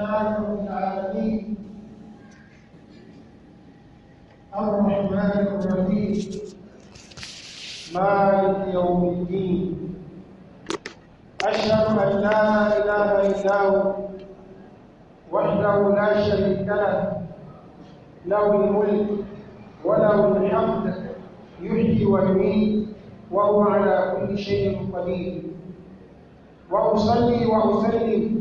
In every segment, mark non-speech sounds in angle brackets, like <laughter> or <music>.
لله رب العالمين الرحمن الرحيم مالك يوم الدين أشهد أن لا إله إلا هو وحده لا شريك له له الملك وله الحمد يحيي ويميت وهو على كل شيء قدير وأصلي وأسلم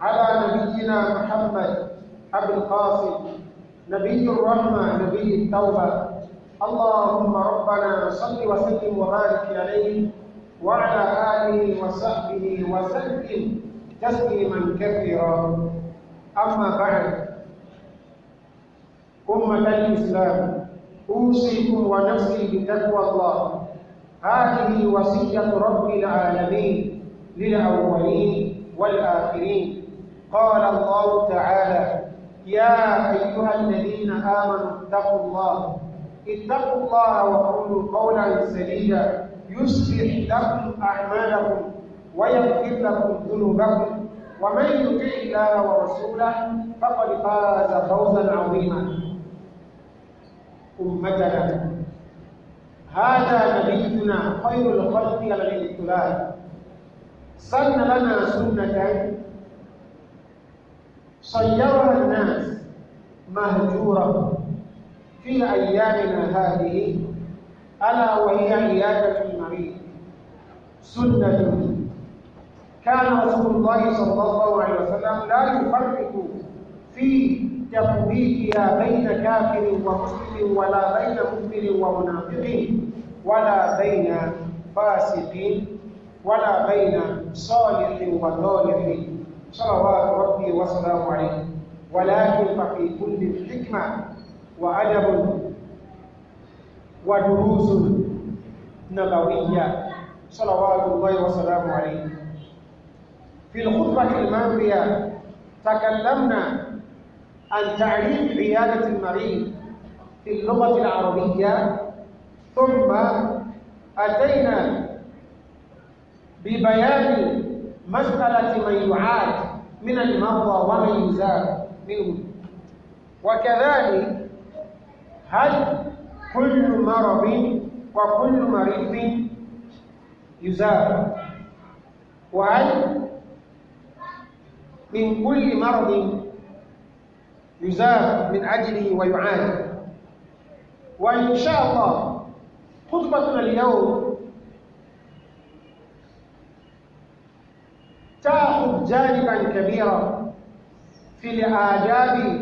على نبينا محمد أبي القاسم نبي الرحمة نبي التوبة اللهم ربنا صل وسلم وبارك عليه وعلى آله وصحبه وسلم تسليما كثيرا أما بعد أمة الإسلام أوصيكم ونفسي بتقوى الله هذه وصية رب العالمين للأولين والآخرين قال الله تعالى يا أيها الذين آمنوا اتقوا الله اتقوا الله وقولوا قولا سديدا يصلح لكم أعمالكم ويغفر لكم ذنوبكم ومن يطع الله ورسوله فقد فاز فوزا عظيما أمتنا هذا نبينا خير الخلق على الإطلاق سن لنا سنة صيرنا الناس مهجورة في أيامنا هذه ألا وهي عيادة المريض سنة كان رسول الله صلى الله عليه وسلم لا يفرق في تطبيقها بين كافر ومسلم ولا بين مؤمن ومنافق ولا بين فاسق ولا بين صالح وصالح صلوات ربي وسلامه عليه ولكن ففي كل حكمة وأدب ودروس نبوية صلوات الله وسلامه عليه في الخطبة الماضية تكلمنا عن تعريف عيادة المريض في اللغة العربية ثم أتينا ببيان مسألة من يعاد من المرضى ومن يزار منه وكذلك هل كل مرض وكل مريض يزار وهل من كل مرض يزار من أجله ويعالج وإن شاء الله خطبتنا اليوم يأخذ جانبا كبيرا في الآداب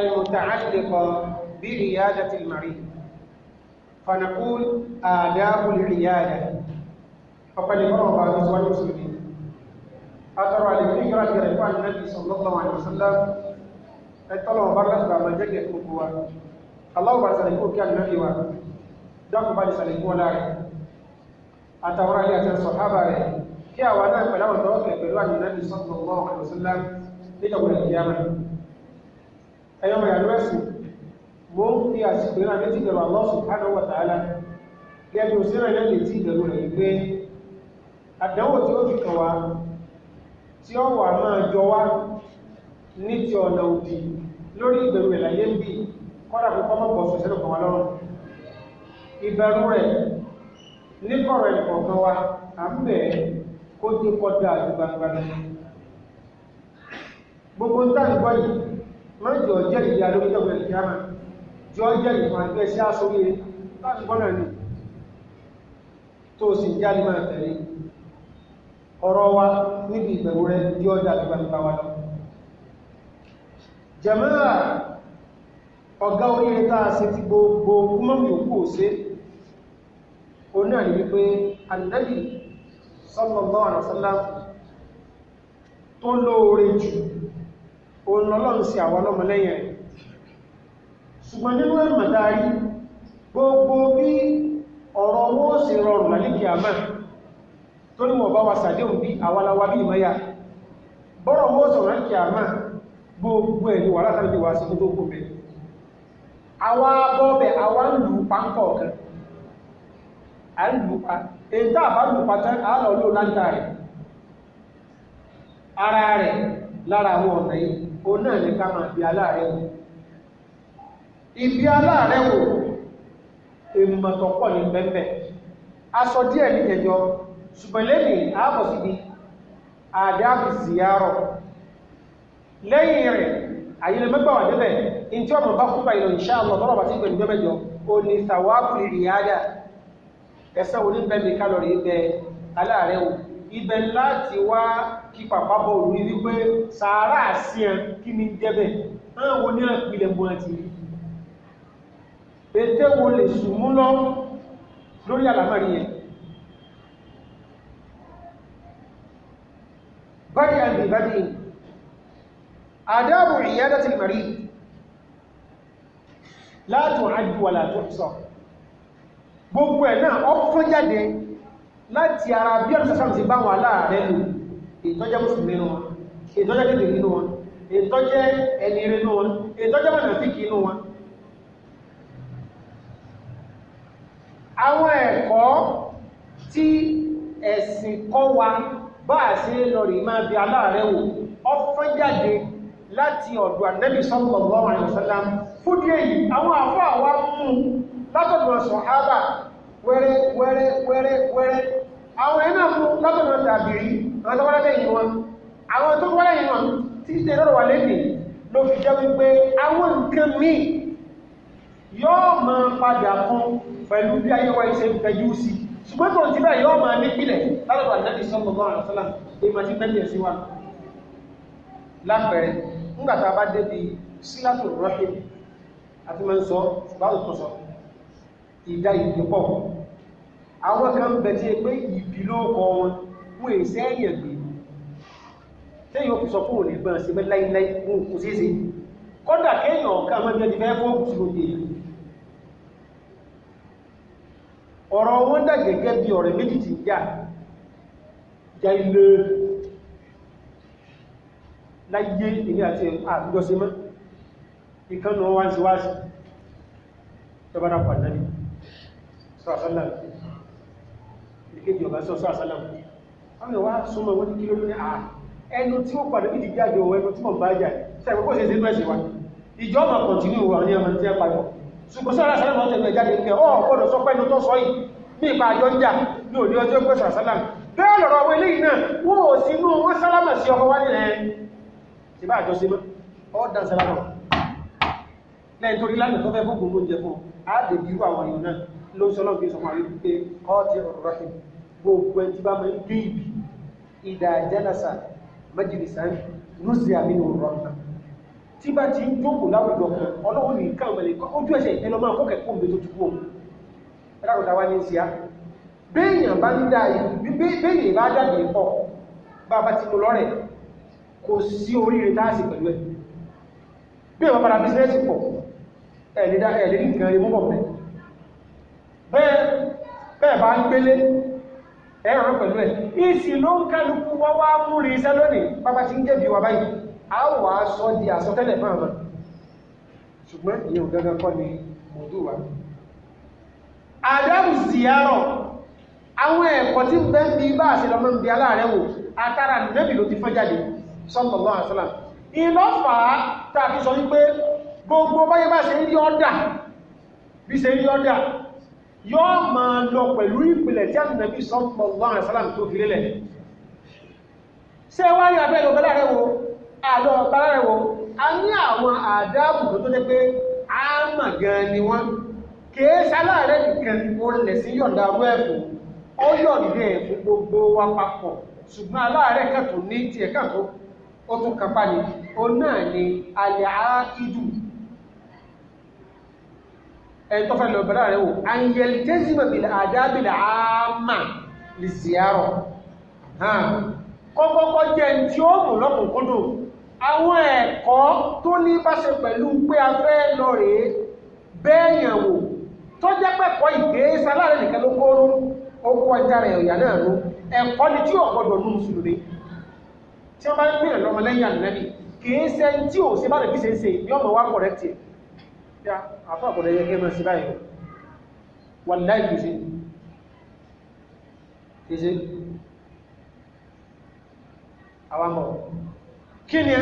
المتعلقة بعيادة المريض فنقول آداب العيادة فقد مر بعض إخوان المسلمين أترى للهجرة رضوان النبي صلى الله عليه وسلم أتلو برلس بما جاء كوكوا الله بارك لكم كان النبي وا دعوا بارك لكم لا أتورى لي أتى الصحابة kí àwa náà pẹ̀lú àwọn tọ́wọ́ pẹ̀lú àyìnbí sọ́tọ̀ ọmọ ọ̀rọ̀ sílá nígbàgbọ́ ìyára ẹ̀yọ́ mọ̀ yàrá ẹ̀sìn mo ń fi àsìkò náà létí ìbẹ̀rù Allah subhanahu wa ta'ala gẹ́gẹ́ bí òṣèré náà létí ìbẹ̀rù rẹ̀ pé àdánwò tí ó fi kàn wá tí ó wà máa jọ wá wa à ń kó dé kọjá àti gbangba náà gbogbo ntá ń gbọ́ yìí wọ́n jọ jẹ́ ìyá lórí ọ̀gbẹ̀ ìyáma jọ jẹ́ ìfọ̀n àgbẹ̀ sí àsórí láti gbọ́nà ní tó sì jẹ́ àdìmọ̀ àtẹ̀lé ọ̀rọ̀ wa níbi ìbẹ̀wò rẹ̀ di ọjà àti gbangba wa lọ jẹ̀mọ́ra ọ̀gá oríire tá a ṣe ti gbogbo kúmọ̀mí òkú òṣè òun ní wípé ànábì sallallahu alaihi wasallam tó lóore jù òun lọ́lọ́run sí àwọn ọlọ́mọlẹ́yìn rẹ̀ ṣùgbọ́n nínú ẹ̀mọ̀dárí gbogbo bí ọ̀rọ̀ owó sì rọrùn lálẹ́kì àmà tó ní wọ̀n bá wa sàdéhùn bí àwalawa bí ìmọ́yà bọ́rọ̀ owó sọ̀rọ̀ lálẹ́kì àmà gbogbo ẹ̀ ń lù pa ń ń lù èyí tá àbálò pàtẹ́ àálọ̀ ló lágbà rẹ̀ ara rẹ̀ lára àwọn ọ̀nà yìí o náà ní ká máa bí aláàrẹ̀ wò ìbí aláàrẹ̀ wò èmọ̀tọ̀ pọ̀ ní pẹ́pẹ́ aṣọ díẹ̀ ní jẹjọ ṣùgbọ́n lẹ́yìn ààbọ̀ síbi àdáàbì síyárọ̀ lẹ́yìn rẹ̀ àyílẹ̀ mẹ́gbà ẹsẹ oníbẹmí kálọrì ibẹ aláàrẹ o ibẹ láti wá kí pàpà bọ òru yìí wípé sàárà sí ẹ kí ni jẹbẹ náà wo ní ìpìlẹ̀ mọ́ ẹ ti rí ètè wo lè sùn mú ìyádá ti mẹ́rí látùn àjúwà látùn sọ gbogbo ẹ̀ náà ọ̀fọ́n jáde láti ara bí ọ̀rọ̀ sàṣàmù sí báwọn lò ìtọ́jẹ́ mùsùlùmí wọn ìtọ́jẹ́ kéde wọn ìtọ́jẹ́ ẹni rẹ̀ wọn ìtọ́jẹ́ mọ̀nàfíkì wọn. àwọn ẹ̀kọ́ tí ẹ̀sìn kọ́ wa bá lọ rí máa bí wò jáde láti ọ̀dọ̀ wẹ́rẹ́ wẹ́rẹ́ wẹ́rẹ́ wẹ́rẹ́ àwọn ẹ̀nà mú lọ́tọ̀nà tàbírí àwọn tó wọ́lẹ́ yìí wọn àwọn tó wọ́lẹ́ yìí wọn tí ṣe lọ́rọ̀ wà lẹ́nì ló fi jẹ́ wípé àwọn nǹkan míì yóò máa padà kún pẹ̀lú bí ayé wa ṣe ń fẹjú sí ṣùgbọ́n tó ti bẹ́ẹ̀ yóò máa nípìnlẹ̀ lọ́dọ̀ ànábì sallallahu alaihi wasallam èyí máa ti tẹ́lẹ̀ sí wa lápẹ̀rẹ̀ nígbà tá a bá débi sílátù rọ́ṣìn àti máa ń sọ ṣùgbọ́n àtúntò sọ ìdá ìdí pọ̀ àwọn kan bẹ̀ tí pé ìbí ló kọ wọn fún èsì ẹ̀yẹ̀ gbé téèyàn kò sọ fún òní gbọ́n sí pé láíláí fún òkú ṣíṣe kódà kéèyàn ọ̀ká mọ́ bí ẹni fẹ́ fún òkú ṣòdì ọ̀rọ̀ wọn dà gẹ́gẹ́ bí ọ̀rẹ́ méjì ti jà jà ilé láyé ìní àti àtúgbọ́sí mọ́ ìkànnà wáṣíwáṣí tọ́bára pàdánì sàásálàm ìkéjì ọ̀gá sọ sàásálàm àwọn ìwà súnmọ̀ wọ́n ní kí ló ní à ah, ẹnu tí ó padà ìdí jáde ọwọ́ ẹnu tí mọ̀ bá jà sẹ́kọ̀ọ́ sí sínú ẹ̀sìn wa ìjọ ọmọ kọ̀ntínú wà ní ọmọ tí ẹ padà ṣùgbọ́n sàásálàm ọ̀tẹ̀ ìgbẹ̀ jáde ní ọ̀ gbọ́dọ̀ sọ pẹ́nu tó sọ yìí ní ipa àjọ ń jà ní òní ọjọ́ pẹ́ sàásálàm bẹ́ẹ̀ lọ̀rọ̀ ọwọ́ eléyìí náà wọ́n ò sí inú wọn sálámà sí ọkọ̀ wá nílẹ̀ ìbá àjọ sí mọ́ ọ́ dán sálámà lẹ́yìn torí lánàá tó fẹ́ fún gbogbo oúnjẹ fún àádébírú àwọn èèyàn náà ló ń sọlọ́ọ̀ fi sọ fún àwọn ibi pé ọ́ọ̀tì ọ̀rọ̀hìn gbogbo ẹni tí bá máa ń dé ibi ìdá jálàsà májìlísà lùsì àmì òrọ̀ tí bá ti ń jókòó láwùjọ kan ọlọ́run ní nǹkan ọmọlẹ̀ ojú ẹsẹ̀ ẹlọ máa kó kẹ̀kọ́ òmìnir tó ti kú òun ẹlọ́rọ̀ta wá ní sí á béèyàn bá ń dáa béèyàn bá dàbí pọ̀ bá bá ti mú bẹ́ẹ̀ bá ń gbélé ẹ̀rọ pẹ̀lú ẹ̀ ìsì ló ń kálukú wá wá múrí iṣẹ́ lónìí pápá tí ń jẹ́bi wà báyìí a wà á sọ di àsọtẹ́lẹ̀ fún àwọn ṣùgbọ́n ìyẹn ò gángan kọ́ ni mọ̀dú wa àdáhùn ziyarọ̀ àwọn ẹ̀kọ́ tí ń bẹ́ ń bi bá àṣẹ lọ́mọ ń bi aláàrẹ̀ wò àtàrà nẹ́bì ló ti fọ́n jáde sallallahu alaihi wasallam ìlọ́fà tàbí sọ wípé gbogbo báyé yóò máa lọ pẹ̀lú ìpìlẹ̀ tí ànàbí sallallahu alaihi wasallam tó fi lélẹ̀. ṣé wá ní abẹ́ lọ́gbẹ́ láàrẹ wo àlọ́ bàárẹ wo a ní àwọn àdáàbò tó tó jẹ́ pé a mà gan ni wọ́n kìí sáláàrẹ nìkan ó lẹ̀ sí yọ̀ǹda ọwọ́ ẹ̀fọ́ ó yọ̀ǹda ẹ̀fọ́ gbogbo wa papọ̀ ṣùgbọ́n aláàrẹ kan tó ní tiẹ̀ kan tó ó tún kapa ni ó náà ni alẹ́ àá ìdù ẹni tó fẹ́ lọ bẹ̀rẹ̀ rẹ̀ wò àyẹ̀lì tẹ́sí bẹ̀bìlì àdábìlì àmà lè ṣìyàrọ̀ kọ́kọ́kọ́ jẹ́ ẹni tí ó mú lọ́kùnkúndùn àwọn ẹ̀kọ́ tó ní bá ṣe pẹ̀lú pé a fẹ́ lọ rèé bẹ́ẹ̀yàn wò tó jẹ́ pẹ̀kọ́ ìgbésà láàrin nìkan ló kóró ó kọ́ ẹja rẹ̀ ọ̀yà náà ló ẹ̀kọ́ ni tí ò gbọ́dọ̀ ní mùsùlùmí tí wọ́n bá ń pè lọ́mọlẹ́yìn ànàbì kì í ṣe tí ò bí ṣe ń ṣe ní ọmọ wa kọ̀rẹ́tì ẹ̀ àfá àkọ̀dẹ̀ yẹ kí mọ̀ sí báyìí wà láì kìí sí kìí sí àwọn mọ̀ kí ni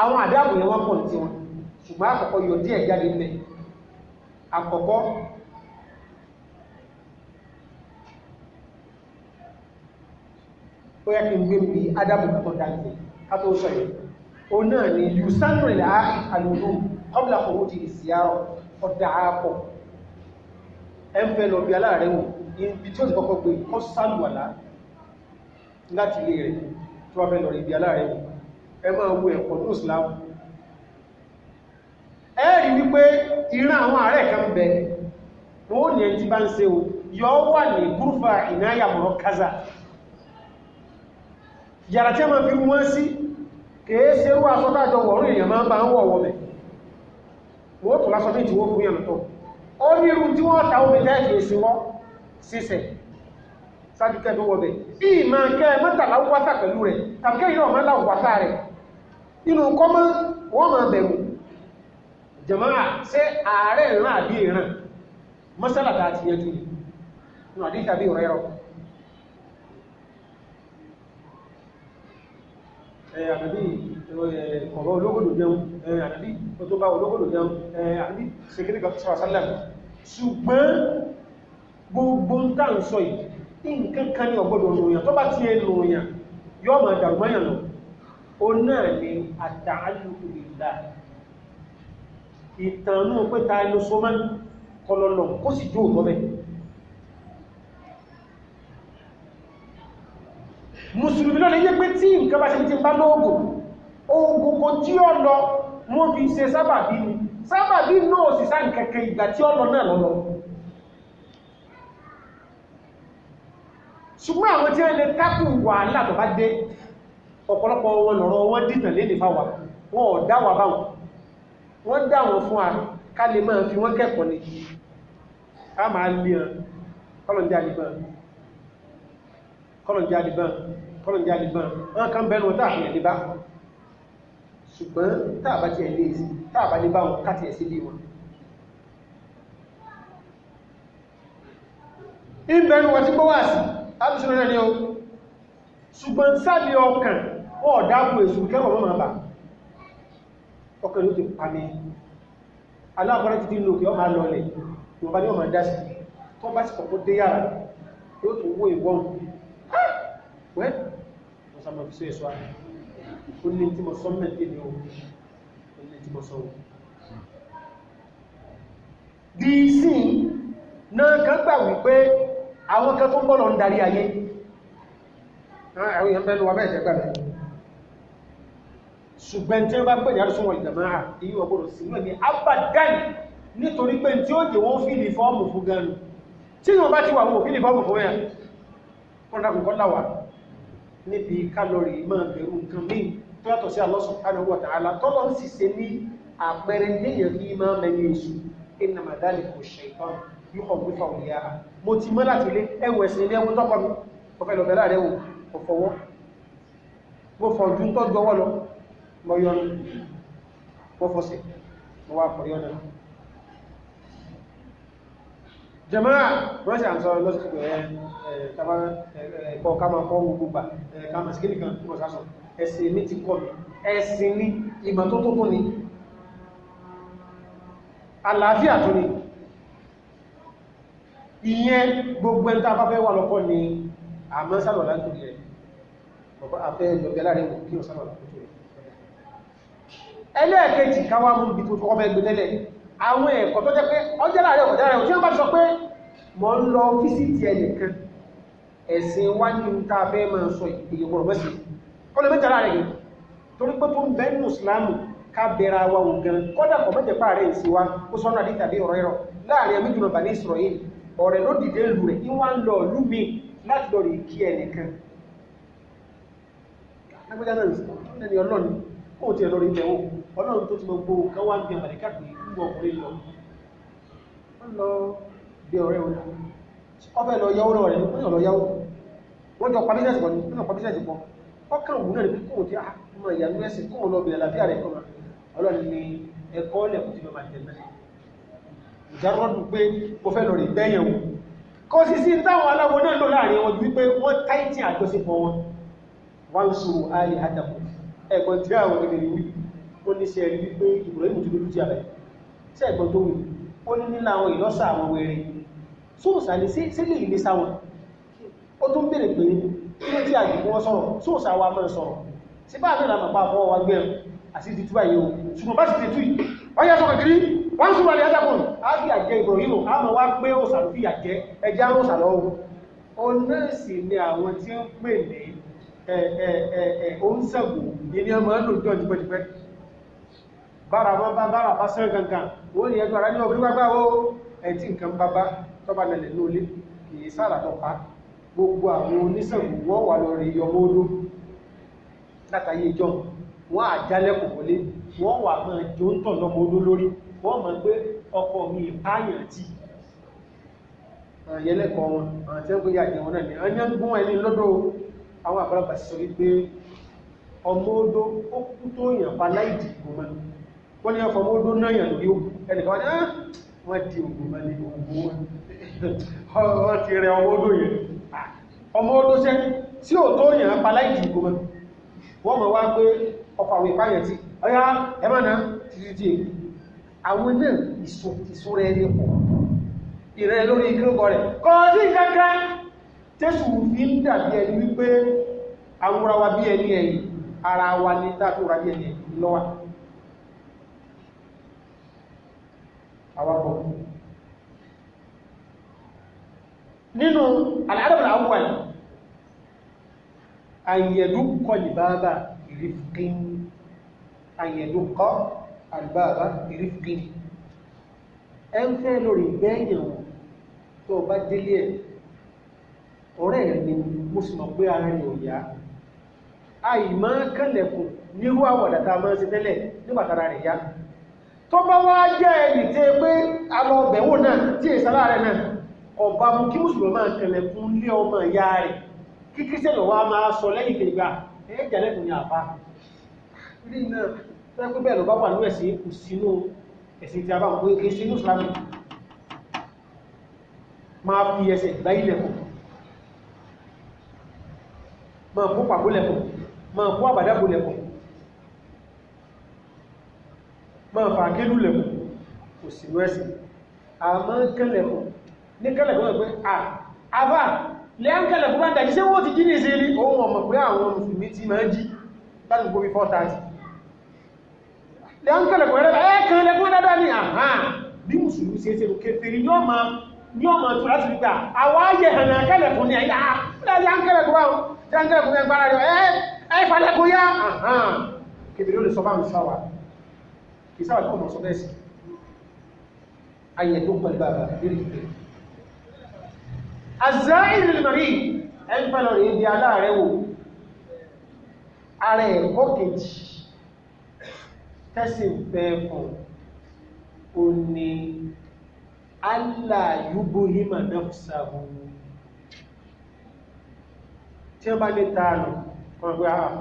àwọn àdáàbò yẹn wọ́n pọ̀ tí wọn ṣùgbọ́n àkọ́kọ́ yóò díẹ̀ jáde mẹ́ àkọ́kọ́ ó yẹ kí n gbé bí adábò kàtọ̀ dáńtẹ̀ kátó sọ yìí ó náà ni yusanu ilẹ̀ àlùmọ́ kọ́bùlà kòrújì ìsìyàrọ̀ ọ̀dà àpọ̀ ẹnfẹ́ lọ bí ibi tí ó ti kọ́kọ́ gbé kọ́ sálùwàlá láti ilé rẹ̀ wípé ìran àwọn ààrẹ kan o yọ wà ní gúrùfà kaza yàrá tí a máa fi wọ́n sí kèé wọ̀rún èèyàn máa bá ń wọ̀wọ̀ wọ́n tó lásọ méjì wó fún yàntọ́ ó ní irú tí wọ́n ta omi tẹ́ẹ̀kì èsì wọ́n sísẹ̀ sájúkẹ́ tó wọ́bẹ̀ bí ìmọ̀ kẹ́ mẹ́tàlá wátà pẹ̀lú rẹ̀ tàbí kẹ́ ìrọ̀ mẹ́lá wátà rẹ̀ inú kọ́mọ́ wọ́n máa bẹ̀rù jàmáà ṣé ààrẹ ìran àbí ìran mọ́sálà tá a ti yẹjú nínú àdí tàbí ọ̀rẹ́ rọ ẹ̀yà bẹ̀bí kọ̀ọ̀bọ̀ eh, ológòdò jẹun àdàbí eh, o tó bá ológòdò jẹun àdàbí eh, ṣekéré kan sọ́rọ̀ sálẹ̀ ṣùgbọ́n gbogbo ń tà ń sọ yìí nǹkan kan ní ọgbọ́dọ̀ òyìn tó bá ti ẹnu òyìn yọ́ ma dàgbọ́yàn lọ ni àtàálù ìlà ìtànú pé ta ẹnu so máa kọlọlọ kó sì jó òtọ́ bẹ́ẹ̀ mùsùlùmí lọ́nà yẹ́ pé tí nǹkan bá ṣe ti bá lóògùn ohun gbogbo tí ó lọ wọ́n fi ṣe sábàbí ni sábàbí náà sì sáà kẹ̀kẹ́ ìgbà tí ó lọ náà lọ́lọ́ ṣùgbọ́n àwọn tí wọ́n lè tákù wàhálà tó bá dé ọ̀pọ̀lọpọ̀ wọn lọ̀rọ̀ wọn dìtàn léde fáwa wọn ò dá wa báwọn wọ́n dá wọn fún wa ká lè máa fi wọ́n kẹ́kọ̀ọ́ ni a máa lè hàn kọ́lọ̀njẹ́ àdìbọn kọ́lọ̀njẹ́ àdìbọn kọ́lọ̀njẹ́ àdìbọn wọn kan bẹ́ẹ̀ ni wọ́n tààfin ẹ̀dìbá ṣùgbọ́n tààbá tí ẹ̀ lè tààbá lè bá wọn káti ẹ̀ sí lè wọn ìbẹ̀rù wọn tí gbọ́wà sí alùsùnrin rẹ̀ ni ó ṣùgbọ́n sáàlì ọkàn wọ́n dágbò èsù kẹwọ̀ mọ́ bá ọkàn ló ti pàmí aláàbọ̀rẹ́ ti dínú kí ọ máa lọlẹ̀ ìwọ̀nba ni ọ máa dásí tó bá sì kọ̀kọ́ dé yàrá yóò tún wó ìwọ̀n wẹ́ wọ́n sá mọ̀ fi sí ẹ̀ṣọ́ ààrẹ ó ní tí mo sọ mẹ́tẹ́ ni ó ní tí mo sọ wọn bí i sí náà kan gbà wípé àwọn kan tó ń bọ́lọ̀ ń darí ayé àwọn èèyàn bẹ́ẹ̀ lọ wà bẹ́ẹ̀ jẹ́ gbà bẹ́ẹ̀ ṣùgbọ́n tí ó bá pẹ̀lú àrùsùn wọn ìjàmáà èyí ọgbọ̀rọ̀ sí mẹ́ni abadan nítorí pé tí ó jẹ wọ́n fìlì fọ́ọ̀mù fún ganu tí wọ́n bá ti wà wọ́n fìlì fọ́ọ̀mù fún ẹ̀ wọ́n dákùnkọ́ láwàá níbi kálọ̀rì máa bẹ̀rù nǹkan míì tó yàtọ̀ sí Allah subhanahu wa ta'ala tọ́lọ́ sì ṣe ní àpẹẹrẹ léèyàn kí máa mẹ́ni èṣù iná màdálì kò ṣe ìtàn yíkọ̀ wífà òyà mo ti mọ́ láti ilé ẹwẹ̀ sí ilé ẹwọ́n tọ́kọ mi ọ̀fẹ́ lọ́fẹ́ láàrẹ̀ wò kò fọwọ́ mo fọ̀jú tó gbọ́wọ́ lọ mọ́ yọnu mo fọ́sẹ̀ mo wá fọ̀yọ́nu jẹmọ́ra rọ́ṣà ń sọ lọ́sìkò ẹ̀kọ́ ká máa kọ́ gbogbo gbà ká máa síkìlì kan kúrò sásọ ẹ̀sìn ní ti kọ́ mi ẹ̀sìn ní ìmọ̀ tó tótó ni àlàáfíà tó ni ìyẹn gbogbo ẹ̀ntà afẹ́fẹ́ wà lọ́kọ́ ni àmọ́ sálọ̀ látòrí ẹ̀ bàbá afẹ́ lọ́gbẹ́ láàrin mọ̀ kí ọ sálọ̀ látòrí ẹ̀ ẹlẹ́ẹ̀kejì káwá mú ibi tó tọ́kọ́ fẹ́ àwọn ẹ̀kọ́ tó jẹ́ pé ọjọ́ láàrin ọ̀kọ̀ jára ọ̀tí wọ́n bá sọ pé mọ̀ ń lọ fíṣítì ẹnìkan ẹ̀sìn wá ní ta fẹ́ máa sọ ìpìlẹ̀ ọ̀rọ̀ mẹ́sì kọ́lẹ̀ mẹ́ta láàrin yìí torí pé tó ń bẹ́ nínú ìsìláàmù ká bẹ̀rẹ̀ wa wò gan kọ́dà kọ́ mẹ́jẹ̀ pa rẹ̀ ìsìn wa ó sọ́nà àdí tàbí ọ̀rọ̀ ẹ̀rọ láàrin ẹ̀mí jùlọ bàní ìsọ̀rọ̀ yìí ọ̀rẹ́ ló dìde lù rẹ̀ ìwà ń lọ lú mi láti lọ rí kí ẹnìkan lágbẹ́jà náà ní ọlọ́run kó tiẹ̀ lọ rí tẹ̀wọ́ ọlọ́run tó ti gbogbo kan wá ń bí ọmọdé káàkiri gbogbo ọkùnrin lọ wọ́n lọ bí ọ̀rẹ́ wọn ọfẹ́ lọ yáwó lọ rẹ̀ ní ọ̀lọ́ yáwó wọ́n jọ pàbíṣẹ́sì pọ̀ ní ọ̀nà pàbíṣẹ́sì pọ̀ ọkàn òun náà ní kò tí a ah, mọ ìyànú ẹ̀sìn kò lọ bìnrin àlàáfíà rẹ̀ kọ́mà ọlọ́run ni ẹ̀kọ́ lẹ̀kùn tí lọ máa tẹ̀lé ìjárọ́dù pé mo fẹ́ lọ rí bẹ́yẹn wò kọ́ sí sí táwọn aláwo náà lọ láàrin wọn wípé wọ́n táìtì àjọṣepọ̀ wọn wọ́n ń sòrò ààrẹ àdàpọ̀ ẹ̀gbọ́n tí àwọn ènìyàn wí wọ́n ní sẹ́ẹ̀rí wípé ìbùrọ̀ ìmùtúlójú ti àbẹ̀yẹ̀ sí ẹ̀gbọ́n tó wù ó ní nínú àwọn ìlọ́sà àwọn wẹ̀rẹ̀ sóòsà ní sílé ìlé sáwọn ó tún bèèrè pé kí ló tí àjùkú wọn sọ̀rọ̀ sóòsà wa mọ́ sọ̀rọ̀ sí bá àmì ìlànà pàpọ̀ wa gbẹ̀rù àti ti tú àyẹ̀wò ṣùgbọ́n bá sì ti tú yìí wọ́n yá sọ̀kọ̀ kiri wọ́n ń súnmọ́ àdìyàtàkùn á fi àjẹ ìbọ̀ yìí á mọ̀ wá pé òsà ló fi àjẹ ẹja ń òsà lọ́wọ́ ọ̀nà sì ni àwọn tí bára wọn bá bára bá sán gangan wọ́n ní ẹjọ́ ara ní ọgbẹ́ gbágbá ó ẹ̀tí nǹkan bábá tọ́ba lẹ̀lẹ̀ lólé kìí sára tó pa gbogbo àwọn oníṣègùn wọ́n wà lọ rí yọmọ odó látàyé ìjọ wọ́n àjálẹ̀ kò wọlé wọ́n wà máa jó ń tàn lọmọ odó lórí wọ́n mọ̀ pé ọkọ mi ìpáyàn tí àyẹlẹ́kọ̀ọ́ wọn àti ẹgbẹ́ yà náà ni a ní wọ́n ní ọkọ̀ mọ́ ọdún náà yàn yóò ẹnìkan ní ah, wọ́n ti ògùn bá ní ògùn <laughs> wọ́n ti rẹ ọmọ ọdún yẹn ah, ọmọ ọdún sẹ́ tí ò tó yàn paláì jù gbogbo wọ́n mọ̀ wá pé ọkọ̀ àwọn ìpáyẹ̀ tí ọyá ẹmọ́ náà ti ti ti àwọn náà ìsúnrẹ́ ẹni pọ̀ ìrẹ́ awakọ̀ nínú aláàrẹ̀bẹ̀rẹ̀ àwọn àyẹ̀dúkọ ìbáàbà ìrìfìkín àyẹ̀dúkọ àlbáàbà ìrìfìkín ẹ ń fẹ́ lórí gbẹ́yàn tó bá délé ẹ̀ ọ̀rẹ́ ẹ̀ ni mo sì mọ̀ pé ara rẹ̀ ò yá àìmọ́ kẹ́lẹ̀kùn nírú àwọ̀dàta máa ń ṣe tẹ́lẹ̀ nígbàtara rẹ̀ yá tó bá wá jẹ́ ẹni tí pé àwọn ọbẹ̀wò náà tí è sálà rẹ̀ náà ọba mú kí mùsùlùmí máa kẹlẹ̀ fún lé ọmọ ìyá rẹ̀ kí kí sẹ́lọ̀ wá máa sọ lẹ́yìn ìgbà ẹ̀ẹ́jẹ̀lẹ́kùn ni àbá rí náà tẹ́kú bẹ́ẹ̀ lọ bá wà ní ẹ̀sìn máa fà kélù lẹ̀kùn kò sí wẹ́sì àmọ́ kẹlẹ̀kùn ní kẹlẹ̀kùn wọ́n pé à àbá lẹ́yìn kẹlẹ̀kùn bá dàjí sí wọ́n ti jí ní ìsinmi òun ọmọ pé àwọn mùsùlùmí ti máa jí láti gbóbi 430 lẹ́yìn kẹlẹ̀kùn rẹ̀ ẹ́ kan lẹ́kùn dáadáa ní àhá bí mùsùlùmí ṣe ṣe rùkẹ́ fèrè ní ọmọ ní ọmọ tó láti rí gbà àwọn ayé hànà kẹlẹ̀kùn ní àyà lẹ́yìn kẹlẹ̀kùn bá wọn kẹlẹ̀kùn yẹn gbára rẹ̀ ẹ́ ẹ́ falẹ̀kùn yá àhá kébìrì ó lè sọ bá ń kì í sábà tó ọ̀nà sọ bẹ́ẹ̀ sí ayẹ̀ tó pẹ̀lú bàbá lérí ìgbẹ́ àzá ìrìnlẹ̀ mẹ́rí ẹgbẹ̀lọ rẹ̀ ibi aláàrẹ̀ wò ààrẹ ẹ̀kọ́ kejì tẹ́sì fẹ́ o ní aláyúgbó hímà náfisà tí ó bá lè tààlù ah,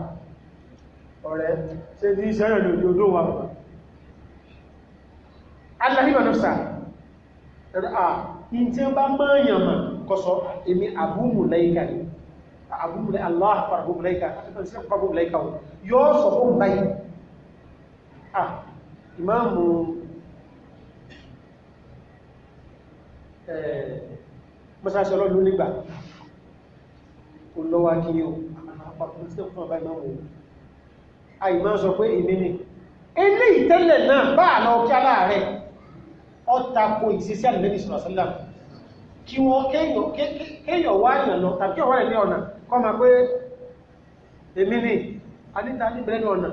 ọ̀rẹ́ ṣe ní ìṣẹ́rẹ̀ lòdí odó wà wà aláhìmọ̀ náà sáà rà in tí bá mọ́yàn mọ̀ kọsọ èmi àbúmùláìkà ni àbúmùláìkà allah parabúmùláìkà àti parabúmùláìkà yóò sọ fún báyìí ah ìmáàmù mọ́sáṣẹ́ ọlọ́dún nígbà olówá kí o àpapọ̀ sí fún ọba ìmáàmù àìmá sọ pé èmi ilé ìtẹ́lẹ̀ náà bá àlọ́ kí aláàrẹ̀ ọ̀tàkò ìṣesí àlẹ́bí sọ̀rọ̀sọ́lá kí wọ́n kéyọ̀ wá ìrànlọ tàbí ọ̀wá ilé ọ̀nà kọ́ ma pé èmi ni alíta níbẹ̀rẹ̀ ní ọ̀nà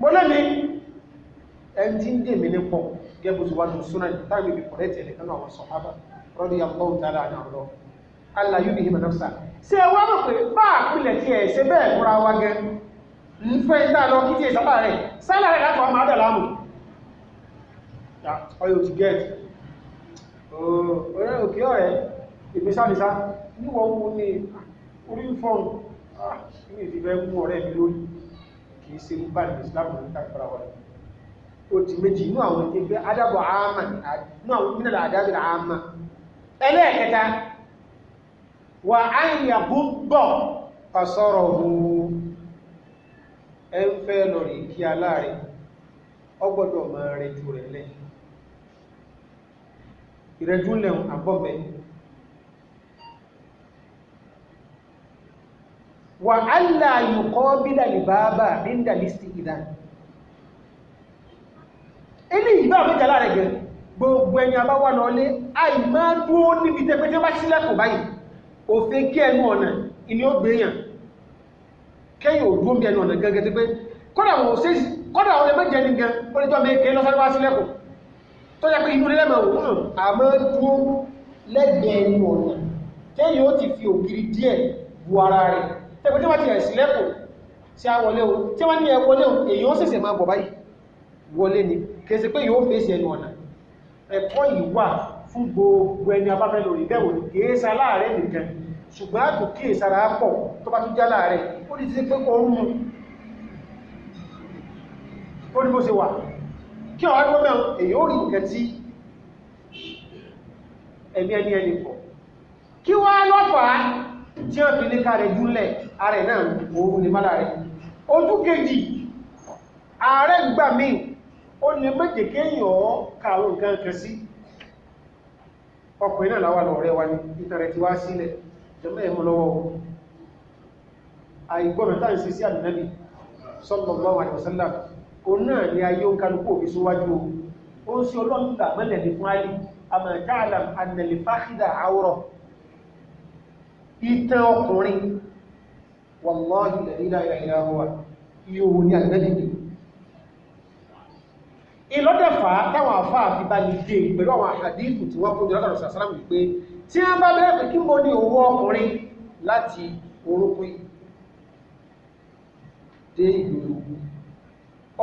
mọ́ lẹ́mi ẹn tí ń dè mí ní pọ̀ gẹ́gbù tí wọ́n súnà táàmì ibi kọ̀rẹ́ tẹ̀lé nínú àwọn sọ̀hábà rọ́dí yàgbọ́n tààrà ní ọ̀rọ̀ Allah yóò bí hìmọ̀ náà sà ṣe wá mọ̀ pé bá àpilẹ̀ tí ẹ̀ ṣe bẹ́ẹ̀ fúnra wa gẹ́ ń fẹ́ dá lọ kí tí ẹ̀ sábà rẹ̀ sálà rẹ̀ láti wọ́n máa dà láàmù ọyọ̀ ti get ọ̀rẹ́ òkè ọ̀rẹ́ ìgbésàmìsá níwọ̀ wú ní ah, orí fọ́n ní ìfẹ́ mú ọ̀rẹ́ mi lórí kì í ṣe mú bá ní Islam ní tàbí wa ó ti méjì inú àwọn ẹgbẹ́ adábọ̀ àmà inú àwọn mínàlá adábọ̀ àmà ẹlẹ́ẹ̀kẹta wà áyìnà gúgbọ̀ pàṣọ́rọ̀ ohun ẹ ń fẹ́ lọ rí kí aláàrẹ rẹ̀ jù rẹ̀ lẹ́yìn ìrẹ́júlẹ̀ àbọ́bẹ̀ wà allá yùkọ́ bídà lìbáábà níndà lístì ìdá ilé ìgbà àmẹ́jà láàrẹ̀ gẹ̀ gbogbo ẹ̀yìn àbá wà lọlé àìmá dúó níbi tẹ́pẹ́tẹ́ bá sílẹ̀kùn báyìí òfin kí ẹnu ọ̀nà ìní ó gbéyàn kẹ́yìn ò dúó bí ẹnu ọ̀nà gẹ́gẹ́ tí pé kọ́dà wọn ò tó yẹ pé inú lẹ́mà òun àmọ́ dúó lẹ́gbẹ̀ẹ́ inú ọ̀nà tẹ́yìn ó ti fi ògiri díẹ̀ bu ara rẹ̀ tẹ́gbẹ́ tí wọ́n ti rẹ̀ sí lẹ́kùn sí àwọlé o tí wọ́n ní ẹwọlé o èyí ó sẹ̀sẹ̀ máa bọ̀ báyìí wọlé ni kèsì pé yóò fèsì ẹnu ọ̀nà ẹ̀kọ́ yìí wà fún gbogbo ẹni abáfẹ́ lórí bẹ́wò ní kèésa láàrẹ nìkan ṣùgbọ́n àtò kíyèsí ara pọ̀ tó bá kí ọ̀rọ̀ ẹgbẹ́ mẹ́rin èyí ó rí nǹkan tí ẹ̀mí ẹni ẹni pọ̀ kí wá lọ́fàá tí ó fi ní ká rẹ̀ júlẹ̀ ààrẹ náà oòrùn ní mọ́lá rẹ̀ ojú kejì ààrẹ gbà míì ó lè méje kéèyàn kàwọn nǹkan kan sí ọkùnrin náà láwà lọ́rẹ́ wa ní ìtàrẹ̀ ti wá sílẹ̀ jẹ́mọ́ ẹ̀mọ́ lọ́wọ́ àìgbọ́mẹ̀ta ń sallallahu alaihi wasallam òun náà ni ayé ó ń kálukú òfin síwájú ó ń sí ọlọ́run gbà mọ́lẹ̀ ní fún ayé àmọ́ káàlà ànàlẹ́ fáhídà àwòrọ̀ ìtàn ọkùnrin wàlọ́ọ̀hì lẹ́yìnlá ìyàwó ìyòwò ní àgbẹ́lẹ́dì ìlọ́dẹ̀fà táwọn àfáà fi bá ní dé pẹ̀lú àwọn àdíkù tí wọ́n kójú látàrí sàsánàmù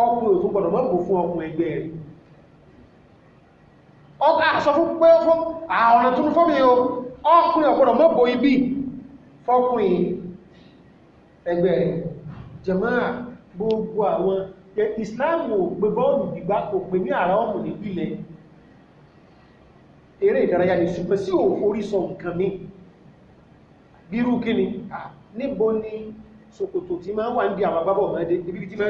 ọkùnrin tó gbọdọ̀ mọ́bù fún ọkùnrin ẹgbẹ́ rẹ̀ ọkà sọ fún pé fún àwọn tó ń fọ́ mi o ọkùnrin ọ̀gbọ̀dọ̀ mọ́bù ibi fọ́kùnrin ẹgbẹ́ rẹ̀ jàmáà gbogbo àwọn ìsìláàmù òpè bọ́ọ̀lù gbígbá òpè ní àrà ọmọ nípìnlẹ̀ eré ìdárayá ni ṣùgbọ́n sí òforí sọ nǹkan mi bírú kí ni níbo ni ṣòkòtò tí máa ń wà ń àwọn agbábọ̀ ọmọdé ibi tí máa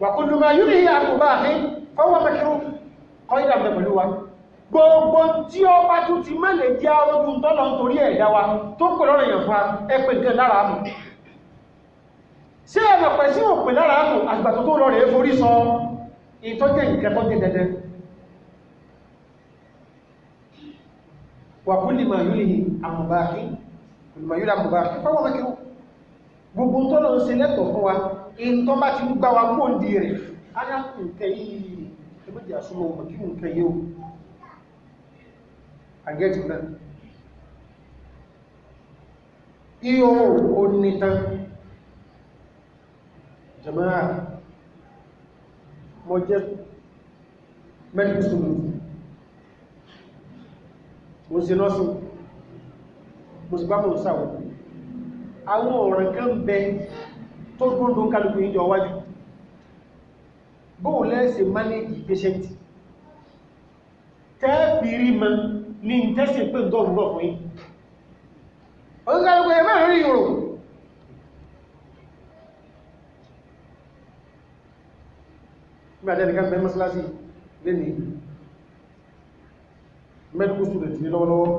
wàkúndù máa yúrí àkùbá ní fọwọ́ mẹ́kírù kọ́ídà pẹ̀lú wa gbogbo tí ó bá tún ti mẹ́lẹ̀ jẹ́ ojú tọ́lọ nítorí ẹ̀dá wa tó pè lọ́rọ̀ èèyàn fún wa ẹ pè nǹkan lára mù ṣé ẹ mọ̀ pẹ̀ sí ò pè lára mù àgbà tó tó lọ rẹ̀ forí sọ ìntọ́ bá ti ń gbá wa kó ń di rẹ̀ á ní nǹkan yìí ẹgbẹ́jì àsúnmọ́ ọmọ kí nǹkan yìí ó àgẹ́jì náà iyo onítan jama'a mọ́ jẹ́ mẹ́rin sùnmù mo se lọ́sùn mo sì bá mọ̀ sáwọ̀ àwọn ọ̀ràn kan bẹ tó dúndún kálùkù ìjọ wájú bóò lẹ́ẹ̀sẹ̀ manage patient tẹ́ẹ̀bìrí ma ní tẹ́sẹ̀ pé dọ́rùn rọ̀ fún yí ọdún kálùkù ẹ̀mẹ́ rí ìrò gbàdẹ́nìkan bẹ́ mọ́sálásí lẹ́ni medical student ní lọ́wọ́lọ́wọ́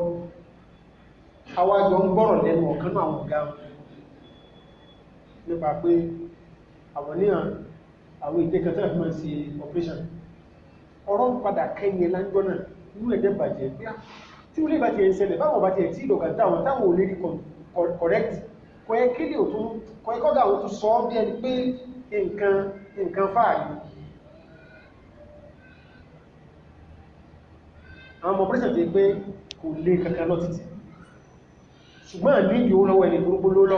awájọ ń gbọ́rọ̀ lẹ́nu ọ̀kan náà àwọn ọ̀gá wọn nípa pé àwọn níhàn àwọn ìdí kan tẹ́lẹ̀ fún wọn sí operation ọ̀rọ̀ ń padà kẹ́yìn láńjọ́ náà inú ẹ̀jẹ̀ bàjẹ́ pé ah, tí wọ́n lè bá ti ẹ̀ ń ṣẹlẹ̀ báwọn bá ti ẹ̀ tí ìdọ̀gà táwọn táwọn ò lè rí correct kò yẹ kí lè ò tún kò yẹ kọ́gà àwọn tún sọ ọ́ bí ẹni pé nǹkan nǹkan fáàlì àwọn ọmọ ṣùgbọ́n nídìí ó lọ́wọ́ ẹni gbogbo ló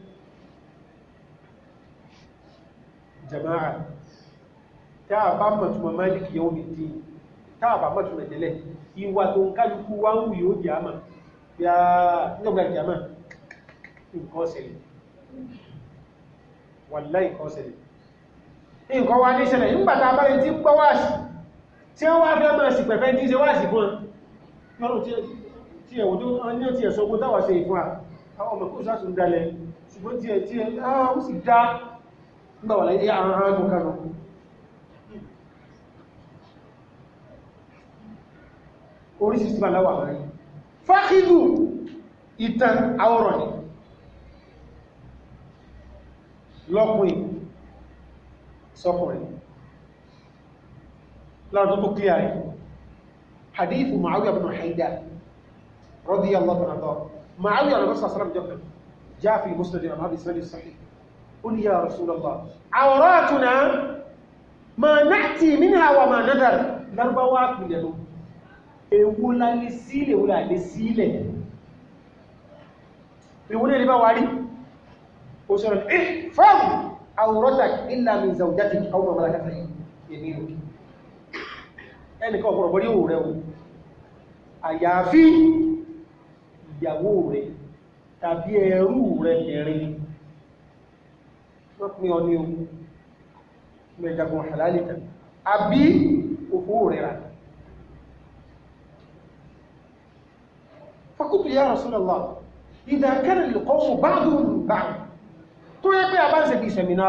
jama'a tá a bá mọ̀túnmọ̀ máàlìkì yóò mi dín tá a bá mọ̀túnmọ̀ tẹ́lẹ̀ ìwà tó ń kálukú wá ń wù yóò di àmà bí a nígbà jama nǹkan ṣẹlẹ̀ wàláhì nǹkan ṣẹlẹ̀ nǹkan wá ní ṣẹlẹ̀ nígbàtà abáyé tí ń gbọ́ wáàsì tí wọ́n wá fẹ́ máa sì pẹ̀fẹ́ tí ń ṣe wáàsì fún ọ̀rọ̀ tí ẹ̀wọ̀n tó ní ọ̀tí ẹ̀sọ́gbọ́n táwà ṣe ìfún àwọn ọmọ kó sásùn dalẹ̀ ṣùgbọ́n tí ẹ̀ tí ẹ̀ ó sì dá nígbà wà láyé àwọn aráàgùn kanu oríṣìí sípa láwà rẹ̀ fákìdù ìtàn àwọ̀rọ̀ ni lọ́pìn sọ́kùnrin lára tó tó kílẹ̀ rẹ̀ hadithu ma'awiyar bin haida radiyallahu anhu ma'awiyar rasul sallallahu alaihi wasallam jafi musnad imam abi sa'id sahih قل يا رسول الله عوراتنا ما نأتي منها وما ندر لربواك من يلو ewula le sílẹ̀ ewula le sílẹ̀ ìwúlẹ̀ lè bá wà rí o sọ̀rọ̀ eh fọ́ọ̀mù àwòrọ́tàkì illa min zawjatik aw ma malakat yaminuki ẹnìkan ọ̀pọ̀rọ̀ bọ́rí òwò tàbí ẹrú rẹ̀ mẹ́rin wọ́n pín ọní o mẹ́jagun àlálìtà àbí òfò rẹ̀ra faqultu ya Rasulullah idha kana al-qawmu ba'duhum ba'd tó yẹ pé a bá ń ṣe bí sẹ̀mìnà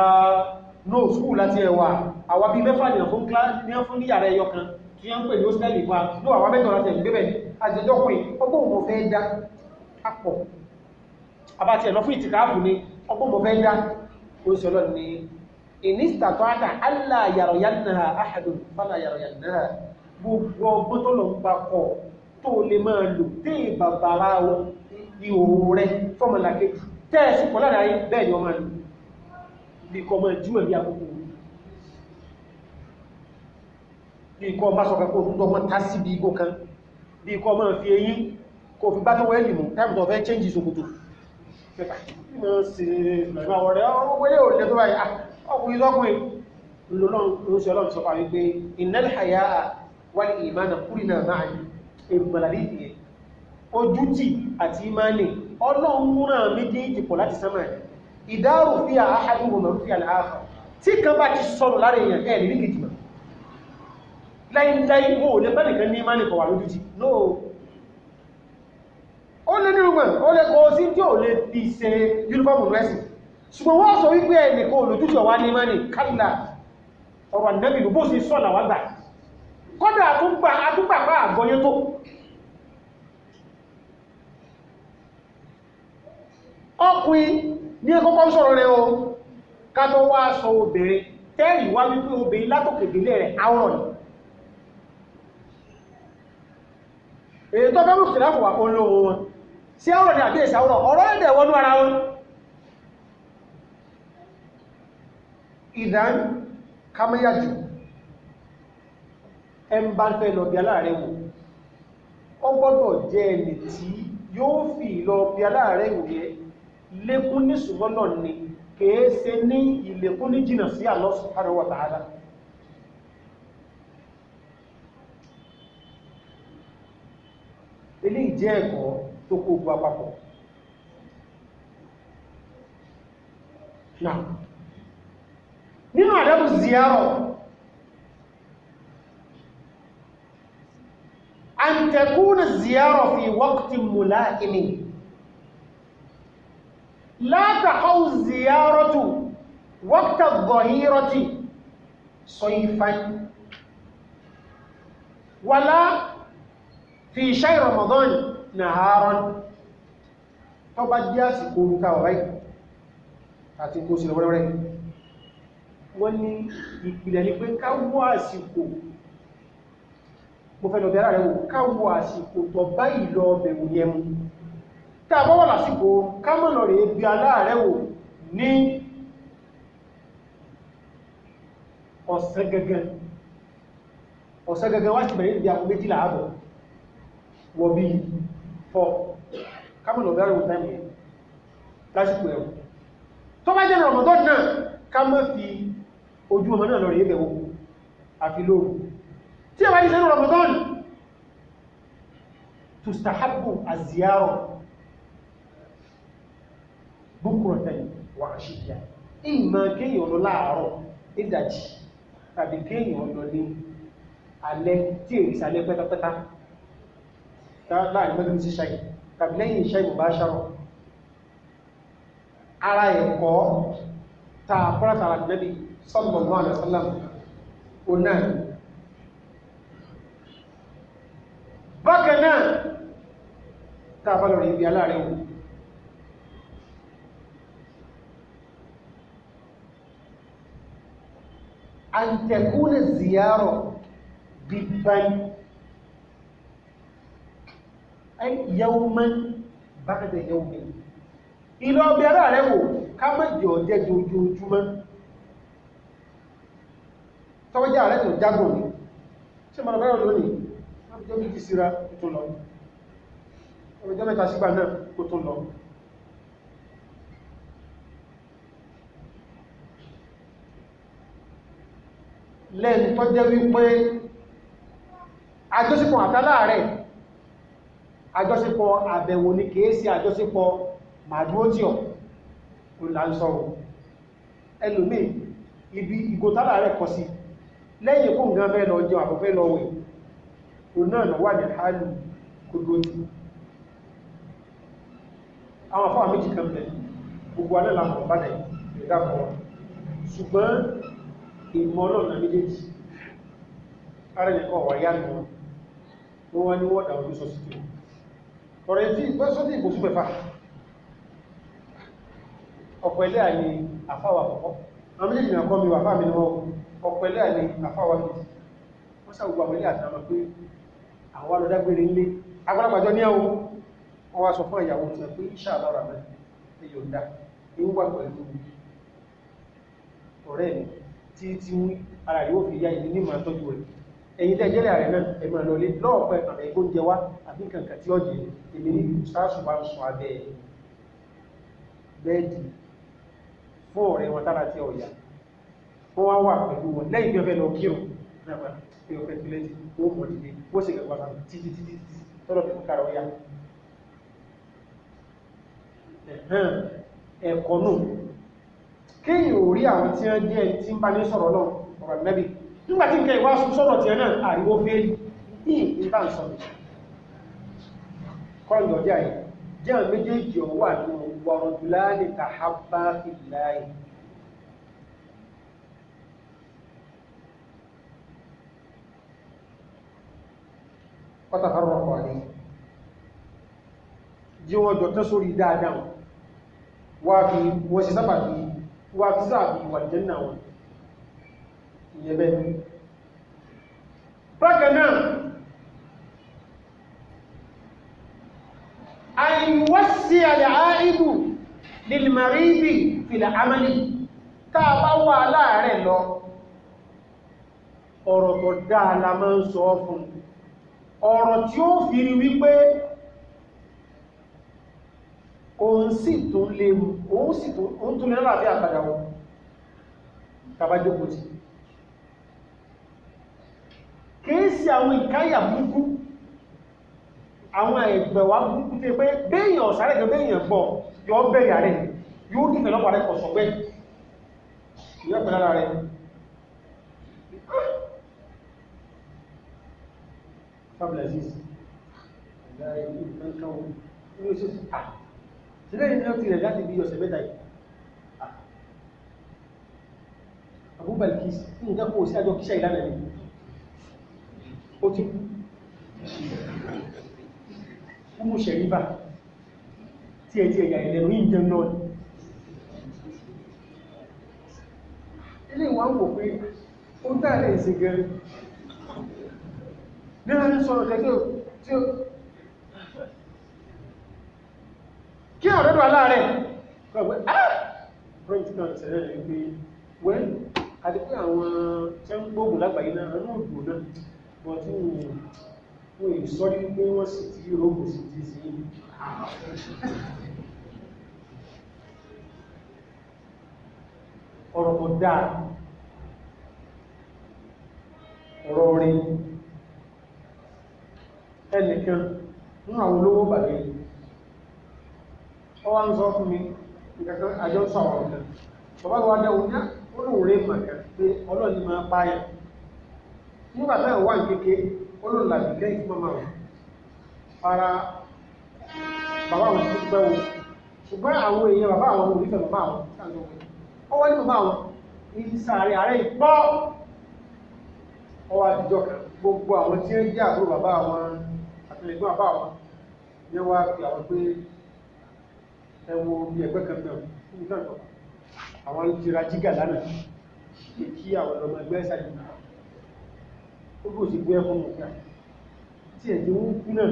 no school láti ẹwà àwa bí mẹ́fà ní ọ̀fún ní ọ̀fún ní yàrá ẹyọ kan tí wọ́n ń pè ní hostel ìfà ló àwa mẹ́jọ láti ẹ̀ gbébẹ̀ àjẹjọ́kùnrin ọgbọ́n mo fẹ́ dá apọ̀ àbátí ẹ̀lọ́fún ìtìkáàfù ni ọgbọ́n mo fẹ́ dá ó sọ lọ́nà ní ìníṣtàtọ́ta aláyàrọ̀yánnáà ahadùn fàlàyàrọ̀yánnáà gbogbo ọgbọ́n tó lọ ń papọ̀ tó lè máa lò dé ìbàbàrà ìhòòhò rẹ fọ́mọlàkejì tẹ́ẹ̀sì pọ̀ lára yìí bẹ́ẹ̀ ni wọ́n máa lò bí kò máa jú ẹ̀bí àkókò bí kò máa sọ kankan tó wọ́n tá mo sì lọ́nà ọ̀rẹ́ ọgbẹ́ yóò lẹ́ tó báyìí ọkùnrin sọ́kùnrin ló ṣe ọlọ́run sọpá wípé innal hayaa wal imana qurina máa ní ìgbàlàrí ìyẹn ojútì àti imani ọlọ́run náà méjèèjì pọ̀ láti sánmà ìdáàrù fi àáhàdù wọn lọ́rù fi àlàáfà tí kan bá ti sọ̀rọ̀ lára èèyàn ẹ̀ ní kejì mọ̀ láìláì wò lè bá nìkan ní imani kọ̀wà lójútì náà ó lé nírúgbọ̀n ó lé kọ́ sí tí ò lè fi ṣe yúnífọ́ọ̀mù rẹ́sì ṣùgbọ́n wọ́n sọ wípé ẹnìkan olùtútù ọ̀wá ní mọ́ni kálà ọ̀rọ̀ àdẹ́bìlú bó sì sọ̀nà wá gbà kọ́dà àtúgbà bá àgbọ́yé tó ọkùnrin ní ẹkọ́kọ́ sọ̀rọ̀ rẹ̀ o ká tó wá sọ obìnrin tẹ́rì wá wípé obìnrin látòkè délé rẹ̀ áwọ̀ ni èyí tó bẹ́rù sílẹ̀ fún wa olówó wọn sí àwọ̀rọ̀ ní àbí èsì àwọ̀rọ̀ ọ̀rọ̀ ẹ̀dẹ̀ wọnú ara wọn ìdán kámẹ́yàjù ẹn bá fẹ́ lọ bí aláàrẹ wò ọ gbọ́dọ̀ jẹ́ ẹni tí yóò fi lọ bí aláàrẹ wò yẹ lékún ní ṣùgbọ́nà ni kèé ṣe ní ìlékún ní jìnà sí Allah subhanahu wa ẹ̀kọ́ نعم من عدم الزيارة أن تكون الزيارة في وقت ملائم لا تقو الزيارة وقت الظهيرة صيفا ولا في شهر رمضان nàárán tó bá jẹ́ àsìkò orúta ọ̀rẹ́ àti kó sílẹ̀ wẹ́rẹ́wẹ́rẹ́ wọ́n ní ìpìlẹ̀ ní pé káwọ́ àsìkò mo fẹ́ lọ bẹ̀rẹ̀ rẹ̀ wò káwọ́ àsìkò tó bá ìlọ bẹ̀rù yẹ mu tá a bá wá sí bẹ̀rẹ̀ ìdí àwọn méjìlá àbọ̀ wọ̀ fọ́ kámọ̀ lọ bẹ́rẹ̀ òtẹ́ mìí lásìkò ẹ̀rù tó bá jẹ́ rọ̀mọ̀tọ́ náà ká mọ́ fi ojú ọmọ náà lọ rí ẹbẹ̀ ogun àfi lóòrù tí ẹwà ìṣẹ́nu rọ̀mọ̀tọ́ ni tustahabu aziyarọ búkúrọ̀tẹ́ wà ṣíkíà ìmọ̀ kéèyàn lọ láàárọ̀ ìdajì tàbí kéèyàn lọ ní alẹ́ tí èrìsàlẹ́ pẹ́tàpẹ́tà láàrin mẹ́rin sí ṣáì tàbí lẹ́yìn iṣẹ́ ìmọ̀ bá ṣàrọ̀ ara ẹ̀kọ́ ta fọ́látara nẹ́bí sallallahu alaihi wasallam o náà bákan náà ta bá lọ́rọ̀ ibi aláàrẹ̀ wọn an tẹ̀kúnlẹ̀ ziyarọ̀ bíbáyìí ay yawman ba'da yawmin ìlọ ọbẹ̀ ara rẹ̀ wò ká mẹ́jọ jẹ́ ojoojúmọ́ tọ́wọ́já rẹ̀ tó jágùn ní ṣe mọ̀rọ̀ bẹ́rẹ̀ lónìí ọjọ́ méjì síra tó lọ ọjọ́ mẹ́ta sígbà náà kó tó lọ lẹ́ni tọ́jẹ́ wípé àjọsípọ̀ àtàlà rẹ̀ àjọṣepọ̀ àbẹ̀wò ní kìí sí àjọṣepọ̀ màdúrótìọ̀ olùlànsọ̀rọ̀ ẹlòmí ibi ìgòtálà rẹ̀ kọ sí lẹ́yìn kó nǹkan fẹ́ lọ jẹun àbọ̀fẹ́ lọ wẹ̀ o náà lọ wà ní hálù kòdójú àwọn afọ́ àmì jìkan bẹ̀ gbogbo alẹ́ làwọn bá dẹ̀ ìdákọ̀ ṣùgbọ́n wọ́n wá ní wọ́n ọ̀rọ̀ etí ìgbẹ́sọ́dí ìbòsú mẹ́fà ọ̀pẹ̀lẹ́ àní àfáwà àkọ́kọ́ àmìlì ìrìnà kọ́ mi wà fáàmì lọ́wọ́ ọ̀pẹ̀lẹ́ àní àfáwà kìí wọ́n sàgbà àmìlì àtàmà pé àwọn alọ́dágbére ilé agbálagbàjọ ní ẹ̀wọ̀n wọ́n wá sọ fún ìyàwó tí pé iṣẹ́ àlọ́ra mẹ́ ẹ̀yọ̀ dá ìwúwà pẹ̀lú ọ̀rẹ́ mi tí tí ara yóò fi yá ìdí ní màá tọ́jú rẹ̀ ẹ̀yìn tẹ́jẹ́lẹ̀ rẹ̀ náà ẹ̀mọ̀ lọ́lé lọ́ọ̀pẹ̀ àmì ẹgbóúnjẹ wá nǹkan kan tí ó jẹ ní ìsáàsù bá ń sun abẹ́ bẹ́ẹ̀dì fún ọ̀rẹ́ wọn tára tí ọ̀yà wọ́n wá wà pẹ̀lú wọn lẹ́yìn bí ọ̀fẹ́ lọ kírun nípa pé ọ̀fẹ́ tó lẹ́tì ó tí wọ́n náà àríwó fẹ́ẹ́ yìí ìbá ń sọ̀rọ̀ kọ́ńdọ̀ jẹ́ àyè jẹ́ àwọn méjèèjì ọ̀wọ́ àti wọ̀rọ̀dùlá ní tàhábà ìláyè pátàkárọ̀kọ̀ ní jí wọ́n jọ tán sórí dáadáa wà fi wọ́n sí sábà bí wà fi sáàbí wà jẹ́nà wọn ìyẹ̀bẹ̀ bákanáà àìwọ́sí àlàáìdù lìlìmàríbì fìlà àmàlì táà bá wà láàrẹ̀ lọ ọ̀rọ̀ tó dáa la máa ń sọ fún ọ̀rọ̀ tí ó fi rí wípé òun sì tó léwu òun sì tó òun tó lẹ́nà àbí àpàdà tàbájókòtì kìí sí àwọn ìkáyà burúkú àwọn ẹgbẹ́ wa burúkú tẹ pé béèyàn ọ̀sáré kan béèyàn gbọ́ yọ bẹ̀yà rẹ̀ yóò dìfẹ̀ lọ́pàá rẹ̀ kọ̀sọ̀ pé ìyá pẹ̀lú ara rẹ̀ fabulaziz sílẹ̀ ní ọtí rẹ̀ láti bí ọ̀sẹ̀ mẹ́ta yìí abúbalkis nǹkan kò sí àjọ kíṣà ìlànà ni ó ti kú ọmọ ṣẹ̀ríbà tí ẹ̀ tí ẹ̀yà ìlẹ̀rù ní ìjẹun náà ilé ìwọ̀n wò pé ó ń tààlẹ̀ ìsìn gẹ̀rẹ̀ ní ọdún sọ̀rọ̀ tẹ́ tí ó kí ọ̀rẹ́dọ̀ aláàrẹ̀ rọ̀gbẹ̀ ah rọ̀gbẹ̀ ṣẹ̀rẹ̀ rẹ̀ pé wẹ́n fún èyí sọ́rí pé wọ́n sì ti rògbò sí ti sí ọ̀rọ̀ tó dáa ọ̀rọ̀ orí ẹnìkan ní àwọn olówó bàbá ọ wá ń sọ fún mi ìkàkàn àjọ sọ àwọn ọ̀nà bàbá wà dá òun náà màkà pé ọlọ́ni máa pààyà nígbàtà wà kékeré olóòlà ìgbẹ́ ìfúnmọ́mọ́ ara bàbá àwọn tó gbẹ́ wọn ṣùgbọ́n àwọn èèyàn bàbá àwọn orífẹ́ bàbá àwọn ó wọ́n ní bàbá àwọn ní sàárẹ̀ ààrẹ ìpọ́ ọwọ́ àtijọ́ kan gbogbo àwọn tí ń jẹ́ àbúrò bàbá àwọn àtìlẹ́gbọ́n bàbá àwọn ní wá pé àwọn pé ẹwọ bí ẹgbẹ́ kan náà nígbàgbọ́ àwọn ti ra jígà lánàá kí àwọn ọmọ ẹgbẹ́ sáyé ó bí òsì gbé ẹkùn nìkan tí ẹ̀ tí ó ń kú náà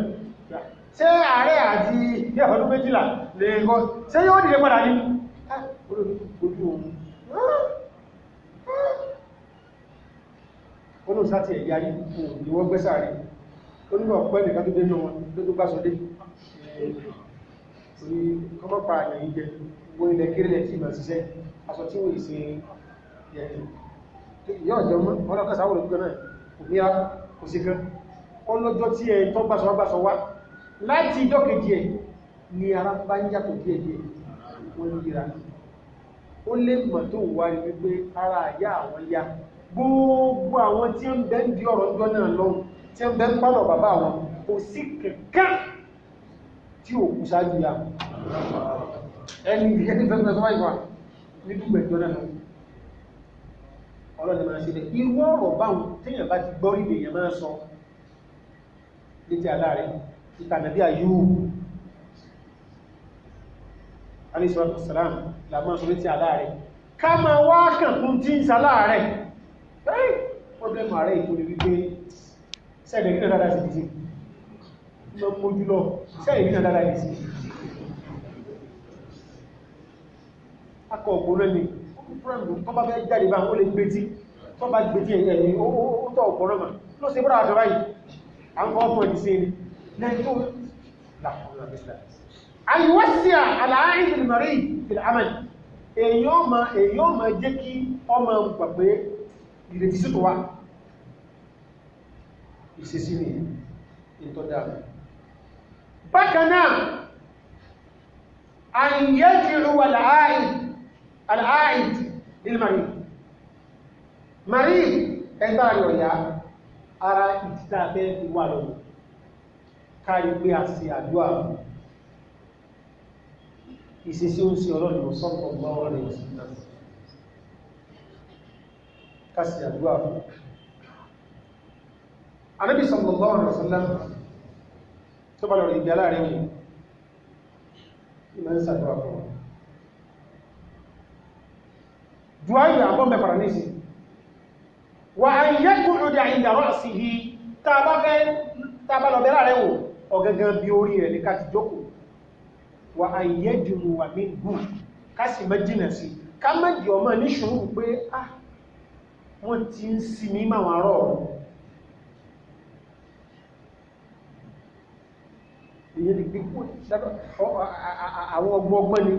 ṣé ààrẹ àti ilé ọdún méjìlá lè kọ ṣé yóò dìde padà ní ojú òun olóò sáti ẹ̀yà yìí ni wọ́n gbé sáré ó nílò ọ̀pẹ́ nìkan tó dénú wọn tó tó bá sọ dé ní kọ́mọ́pá àyàn yìí jẹ wo ilẹ̀ kírílẹ̀ tí ìmọ̀ ṣiṣẹ́ aṣọ tí wọ́n ìsìn yẹ̀ yọ́ ọ̀jọ́ mọ́ ọlọ́kọ̀ọ́sáwọ̀ lókè náà òbí a kò sí gan ọlọ́jọ́ tí ẹ tọ́ gbàṣọ́gbàṣọ́ wá láti ìjọ́ kejì ẹ̀ ni ara bá ń yàtọ̀ díẹ̀ díẹ̀ wọ́n yíra ó lè mọ̀ tó wà ní wípé ara àyá àwọn ya gbogbo àwọn tí ń bẹ ń di ọ̀rọ̀ ń dọ́nà lọ́wọ́ tí ń bẹ ń pálọ̀ bàbá àwọn kò sí kankan tí ò kú ṣáájú ya ẹni ìgbẹ́ni fẹ́ fẹ́ sọ́wọ́ ìwà ní dùgbẹ̀ dọ́nà lọ́wọ́ ọlọ́ni máa ṣe bẹ́ irú ọ̀rọ̀ báhùn téèyàn bá ti gbọ́rí lè yẹn máa sọ létí aláàrẹ ìtànàbí ayú alìsọ́tọ̀ sàlám làmá sọ létí aláàrẹ ká máa wá kàn fún tí ń sàláàrẹ pọ́blẹ́mù ààrẹ ètò lè wípé sẹ́ẹ̀dẹ̀ nínú dáadáa sí ti lọ mójú lọ sẹ́ẹ̀dẹ̀ nínú dáadáa sí akọ̀ ògbónẹ́ni fúrẹ́mù tó bá fẹ́ jáde bá ó lè gbétí tó bá gbétí ẹ̀yìn ó tọ́ ọ̀pọ̀ náà ló ṣe bọ́ra ìṣesí ni ìtọ́dá bákan náà àyíyẹ́ jẹ́ ìrù àlàáyé nílùmọ̀rí marí ẹgbà rẹ̀ ọ̀yá ara ìtìta abẹ́ fi wà lọ́wọ́ káyí pé a sì àdúrà ìṣesí ó ń ṣe ọlọ́run sọ́pọ̀ gbọ́wọ́ rẹ̀ kásì àdúrà fún anábì sallallahu alaihi wasallam tó bá lọ́rọ̀ ìgbà láàrin ìmọ̀ fún duwaye àbọ́mẹ́ faranese wà ayẹ́kùn òdà ìdàrọ́ sí i tàbálọ̀bẹ̀rẹ̀ rẹ̀ wò ọ̀gẹ́gẹ́ bí orí rẹ̀ ní káti jókò wà ayẹ́jùmù wà ní gùn kásì mẹ́jìnà sí ká mẹ́jì ọmọ ní ṣùgbọ́n pé ah wọ́n ti ń sí ní màwọn arọ́ ọ̀rọ̀ ìyẹ́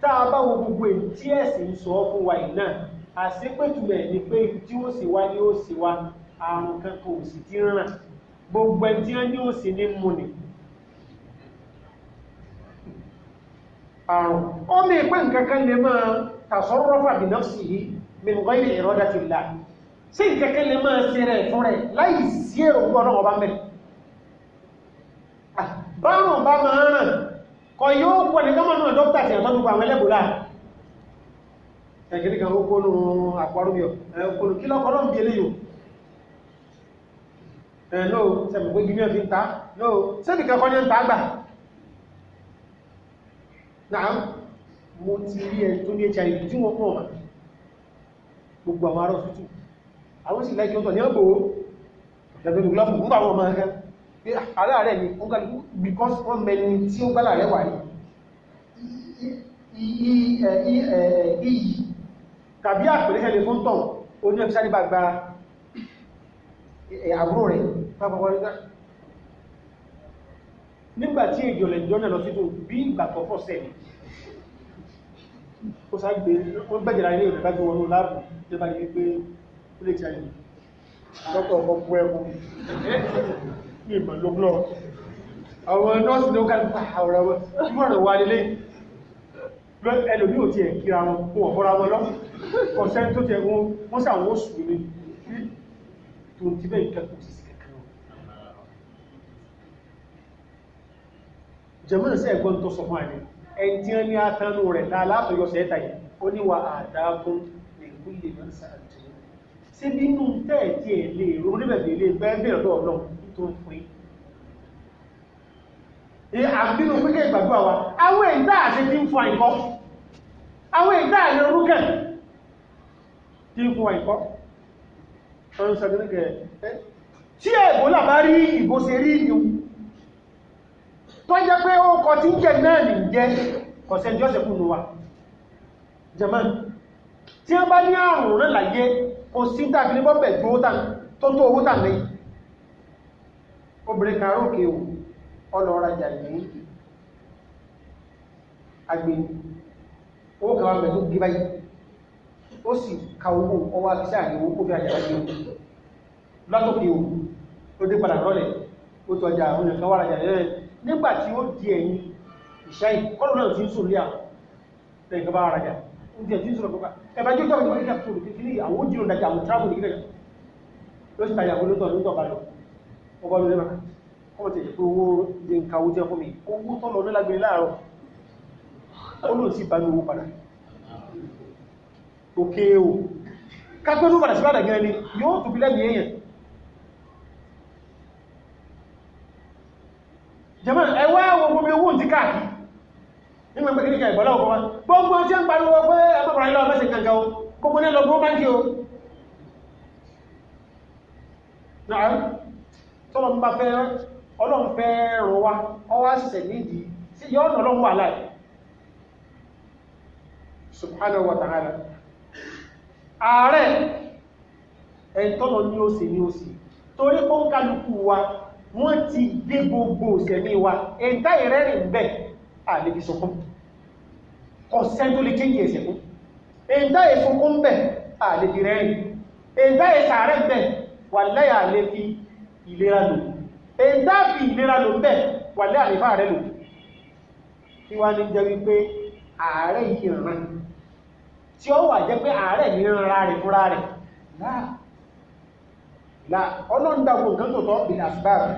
tá a bá wo gbogbo èyí tí ẹ̀sìn sọ fún wa yìí náà àṣepẹ̀tùmẹ̀ ni pé tí ó sì wá ní ó sì wá àrùn kan kò sì ti ràn gbogbo ẹni tí wọ́n ní ó sì ní mu nì. àrùn ó ní ìpé nǹkan kan lè máa tàṣọ́rọ́ fàbí náà sì yí min ghayri iradati llah sí nǹkan kan lè máa ṣe rẹ̀ fún rẹ̀ láì sí èrò ọlọ́wọ́ bá mẹ́rin. Ah, báwọn bá máa ràn ọ̀yọ́ òkú ẹni gọ́mọ̀ náà dókítà tí àmọ́ nípa àwọn ẹlẹ́bùlá ẹ̀kìrí kan ó kónú àpárúbíọ̀ ẹ̀kùnù kí lọ́kọ́ náà ń bí eléyò ẹ̀lọ́ sẹ̀mùgbé gíní ọ̀fí ń ta lọ́ sẹ́bì kẹ́kọ́ ní ń ta gbà náà mo ti rí ẹ̀ tó ní hiv tí wọ́n pọ̀ gbogbo àwọn arọ́ tútù àwọn sì lẹ́kì ó tọ̀ ní ọgbò ẹ̀bẹ̀rù glọ́fù ń bà wọn máa kẹ́ aláàrẹ̀ ni ó gbàlùkú because wọ́n mẹni tí ó gbàlàrẹ̀ wà iyì tàbí àpẹẹrẹ ẹni fún tàn ó ní ẹ̀fẹ́ sáníbà gba àbúrò rẹ̀ pápápárígá nígbàtí èjò lè jọ́nà lọ sítò bí ìgbà tó fọ́ sẹ́ni ó sáàgbé ó gbẹ́jẹ̀rà ilé ìrìnkájú wọn ló láàbù tí ó bá ní wípé ó lè tí a yìí lọ́pọ̀ ọkọ̀ ẹkùn ní ìmọ̀ ló lọ àwọn nọ́ọ̀sì ní ó kàrí pa àwọ̀rọ̀ wọn mọ̀rọ̀ wà nílé ẹlòmí ò ti ẹ̀ kíra wọn kó ọ̀fọ́ra wọn lọ kọ̀sẹ́ tó tẹ wọn wọ́n sàwọn oṣù ní tó ti bẹ́ ìkẹ́kọ̀ọ́ sí kẹ́kẹ́ wọn jẹ́mọ́n sí ẹ̀gbọ́n tó sọ fún àní ẹni tí wọ́n ní atánú rẹ̀ láàlátọ̀yọ sẹ́ẹ̀ta yìí ó ní wa àdágún lè kú ilé mọ́sàn-án síbínú tẹ́ẹ̀ tí ẹ̀ lè ronú níbẹ̀ tó pín àbínú pínkẹ́ ìgbàgbà wa àwọn ìdá àti tí ń fún àìkọ́ àwọn ìdá àti orúkẹ̀ tí ń fún àìkọ́ ọdún sàgínúkẹ̀ tí ẹ̀bọ́là bá rí ìbò ṣe rí ìyún tó jẹ́ pé ó kọ tí ń jẹ náà ní jẹ́ kọ̀sẹ̀ jọ́sẹ̀ kúnnù wa german tí wọ́n bá ní àrùn rẹ̀ láyé kò sí tàbí ní bọ́bẹ̀ tó tó owó tàn lẹ́yìn obìnrin kan rókè o ọlọ́rajà ní agbè owó kan wà pẹ̀lú gíbá yìí ó sì ka owó ọwọ́ afisẹ́ àríwó kó fi àjàrà jẹun látòkè o ló dé padà rọ́lẹ̀ ó tọjà àwọn ẹ̀kan wà rajà lẹ́rẹ̀ nígbà tí ó di ẹ̀yìn ìṣáyìn kọ́lù náà ti ń sòrí àwọn ẹ̀kan bá rajà ó ti ẹ̀ ti ń sòrò kọ́kà ẹ̀bájú tó àwọn ìwọ̀n kíkà tó lè fi ní àwọn òjìrò dájà àwọn tíráàbù ọba lórí náà wọ́n ti pé owó jẹ nǹkan owó jẹ́ fún mi owó tó lọ nílágbèrè láàárọ̀ ó lò sí ìbámi owó padà òkè o kápẹ́ tó padà sí padà gẹ́rẹ́ ni yóò tó bí lẹ́mì èèyàn o gbogbo ní lọ gbogbo tọ́lọ́n bá fẹ́ ọlọ́run fẹ́ rọ wa ọwọ́ àṣìṣẹ́ nídìí sí yọ ọ̀nà ọlọ́run wà láì subhanahu wa ta'ala ààrẹ ẹ̀ntọ́lọ ní ó sì ní ó sì torí kó ń kálukú wa wọ́n ti dé gbogbo òsẹ̀mí wa ẹ̀ntá ìrẹ́rìn bẹ́ àlèbí sọkún ọ̀sẹ́ tó lè kéyìí ẹ̀sẹ̀ fún ẹ̀ntá ìsọkún bẹ́ àlèbí rẹ́rìn ẹ̀ntá ìsàárẹ̀ bẹ́ wà lẹ́yà ìlera lò ẹ̀dá fi ìlera lò bẹ̀ wà lé àlefà rẹ̀ lò tí wá ní jẹ́ wípé ààrẹ yìí rán tí ó wà jẹ́ pé ààrẹ ní rárá rẹ̀ fúnra rẹ̀ láà la ọlọ́ndàgbò nǹkan tó tọ́ bí asbára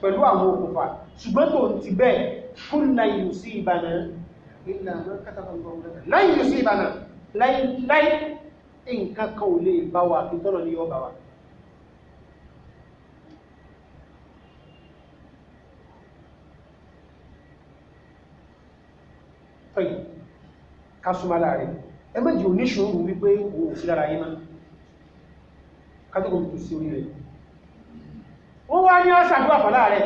pẹ̀lú àwọn òkùnfà ṣùgbọ́n tó ti bẹ́ẹ̀ fún láyé sí sí ìbànà tọ́yì kásùmálà rẹ̀ ẹgbẹ́jì ò ní ṣòro wípé wò sí lára yín náà kájọ́kọ̀ tó sí orí rẹ̀ ó wá ní ọ́sà àdúrà fọ́lá rẹ̀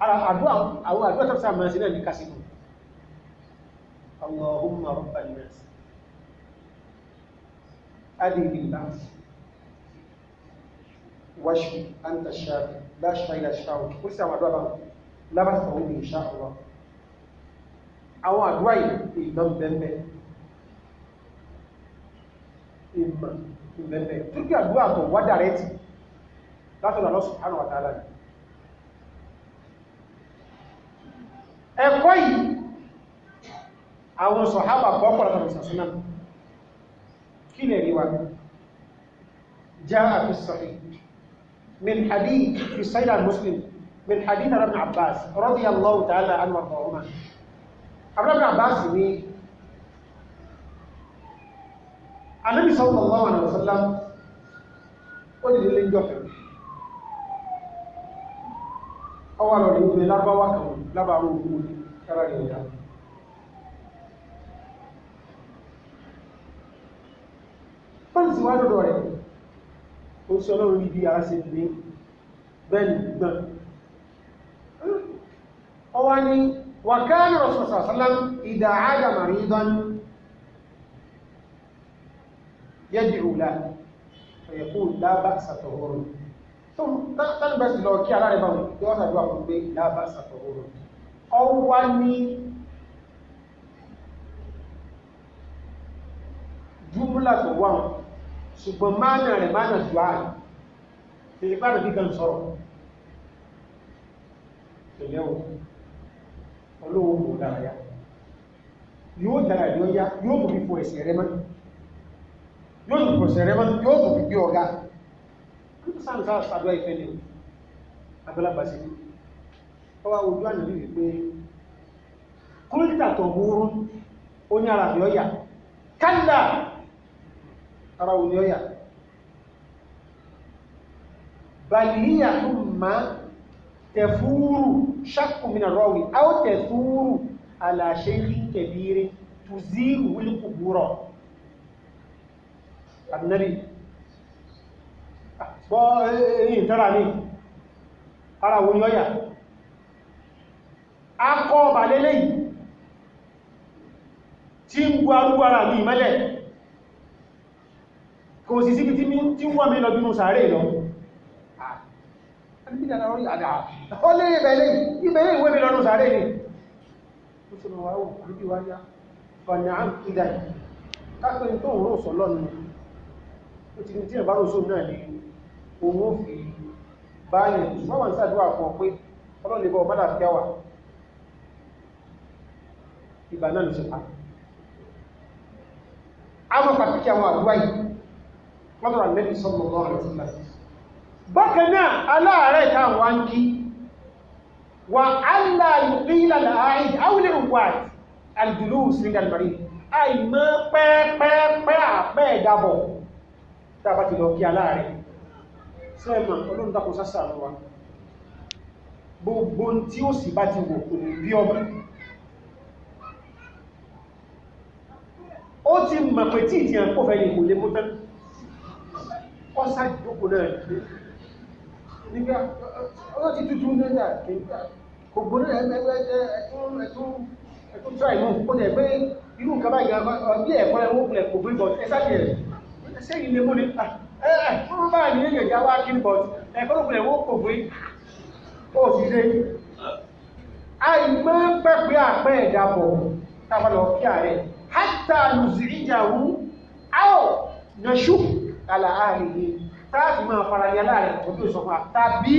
àwọn àdúrà tó sàmà sí náà ní kásìkò Allahumma rabban nas adìgbì náà wáṣù anta shafi láṣà ìlàṣà òkú sí àwọn àdúrà lábàtà òun ní insha Allah àwọn àdúrà yìí ìmọ̀ bẹ̀m̀bẹ̀ ìmọ̀ bẹ̀m̀bẹ̀ tókè àdúrà tó wá dàrẹ́ tì látọ̀nà lọ́sùn hàn wà tààlà ní ẹ̀kọ́ yìí àwọn sọ̀hábà pọ̀pọ̀lọpọ̀ جاء في الصحيح من حديث في الصحيح المسلم من حديث ابن عباس رضي الله تعالى عنه وارضاهما abúlé àbáàsì ní anábì sallallahu alaihi wasallam ó lè lè jọkẹ̀ ọwà lọ rí ìgbé lábáwá kan lábáwá ogun kára rẹ̀ ìyá pẹ́lú sí wájú rẹ̀ ó sọ lọ́rọ̀ rí bí ara ṣe gbé bẹ́ẹ̀ ni gbọ́n ọwá ní وكان رسول الله صلى الله عليه وسلم إذا عاد مريضا يدعو له فيقول لا بأس طهور ثم تلبس لو كي على ربما يوضع دعوة لا بأس طهور أولي júmúlà tó wà ṣùgbọ́n mánà rẹ̀ mánà dùá èyí bá rẹ̀ bí ọlọ́wọ́ kò dára yá yóò dára yóò yá yóò mú fífò ẹ̀sẹ̀ rẹ mọ́ yóò mú fífò ẹ̀sẹ̀ rẹ mọ́ yóò mú fífò ọ̀gá sáǹsá àdúrà ìfẹ́ ni abẹ́lábàṣẹ́ ni ọwá ojú ànìlú wípé kúrítà tó gúrú ó ní ara mi ọ́yà kálà ara òní ọ́yà bàlíyà tó máa تفور شك من الراوي أو تثور على شيخ كبير تزيغ القبور النبي ẹ̀yìn tẹ́ra ní ara wo ni ọ́yà akọ́ ọba lélẹ̀ yìí tí ń gbọ́ arúgbọ́ ara mi mẹ́lẹ̀ kò sì sí kí tí wọ́n mi lọ bínú sàárè lọ́wọ́ ẹni dára orí àdá ó lé ibẹ̀ lẹ́yìn ibẹ̀ lẹ́yìn wébi lọ́nà sáré ni ó ṣe mọ̀ wáwò níbi wá yá fàní à ń kídà yìí kápẹ́ tó ń rò sọ lọ́nu ó ti ní tí ìbá rọ̀ṣọ́ náà ní òun ó fi báyìí wọ́n wà ń ṣàdúrà fún ọ pé ọlọ́lẹ̀ bọ́ mọ́dà fi wà ìgbà náà ló ṣe pa àwọn pàtàkì bákanáà aláàrẹ ta wá ń kí wà aláàrẹ ìlànà àìdí áwùlẹ̀ òwà àìdìlú sílẹ̀lẹ̀mọ̀rí àìmọ́ pẹ́ẹ́pẹ́ẹ́pẹ́ àpẹ́ ìdábọ̀ tàbá ti lọ kí aláàrẹ sẹ́ẹ̀mà ọlọ́run dákun sásà lọ wa gbogbo tí ó sì bá ti wò bí ọmọ ó ti mọ̀ pẹ̀ tí ìdíyàn kò fẹ́ lè wò ọ́sá ìjókòó náà nígbà ọlọ́ ti tuntun nígbà kò gbóná ẹ̀tún tíra ìmú kó jẹ́ pé irú nǹkan báyìí ọdí ẹ̀kọ́ ẹ̀wọ́ pẹ̀lẹ̀ kò bí bọ̀t ẹ̀sáàkì rẹ̀ sẹ́yìn lè mú ni ẹ̀ẹ́dùn bá ní èyàn já wá kí ni bọ̀t ẹ̀kọ́ pẹ̀lẹ̀ wọ́n kò bí ó sì ṣe àìmọ́ pẹ̀pẹ́ àpẹ́ ìdàbọ̀ tábàlọ̀ kí ààrẹ hátà lùzìrìjàwú áò nàṣù àlàáhìí táàbì máa fara ya láàrin òbí òsànfà tàbí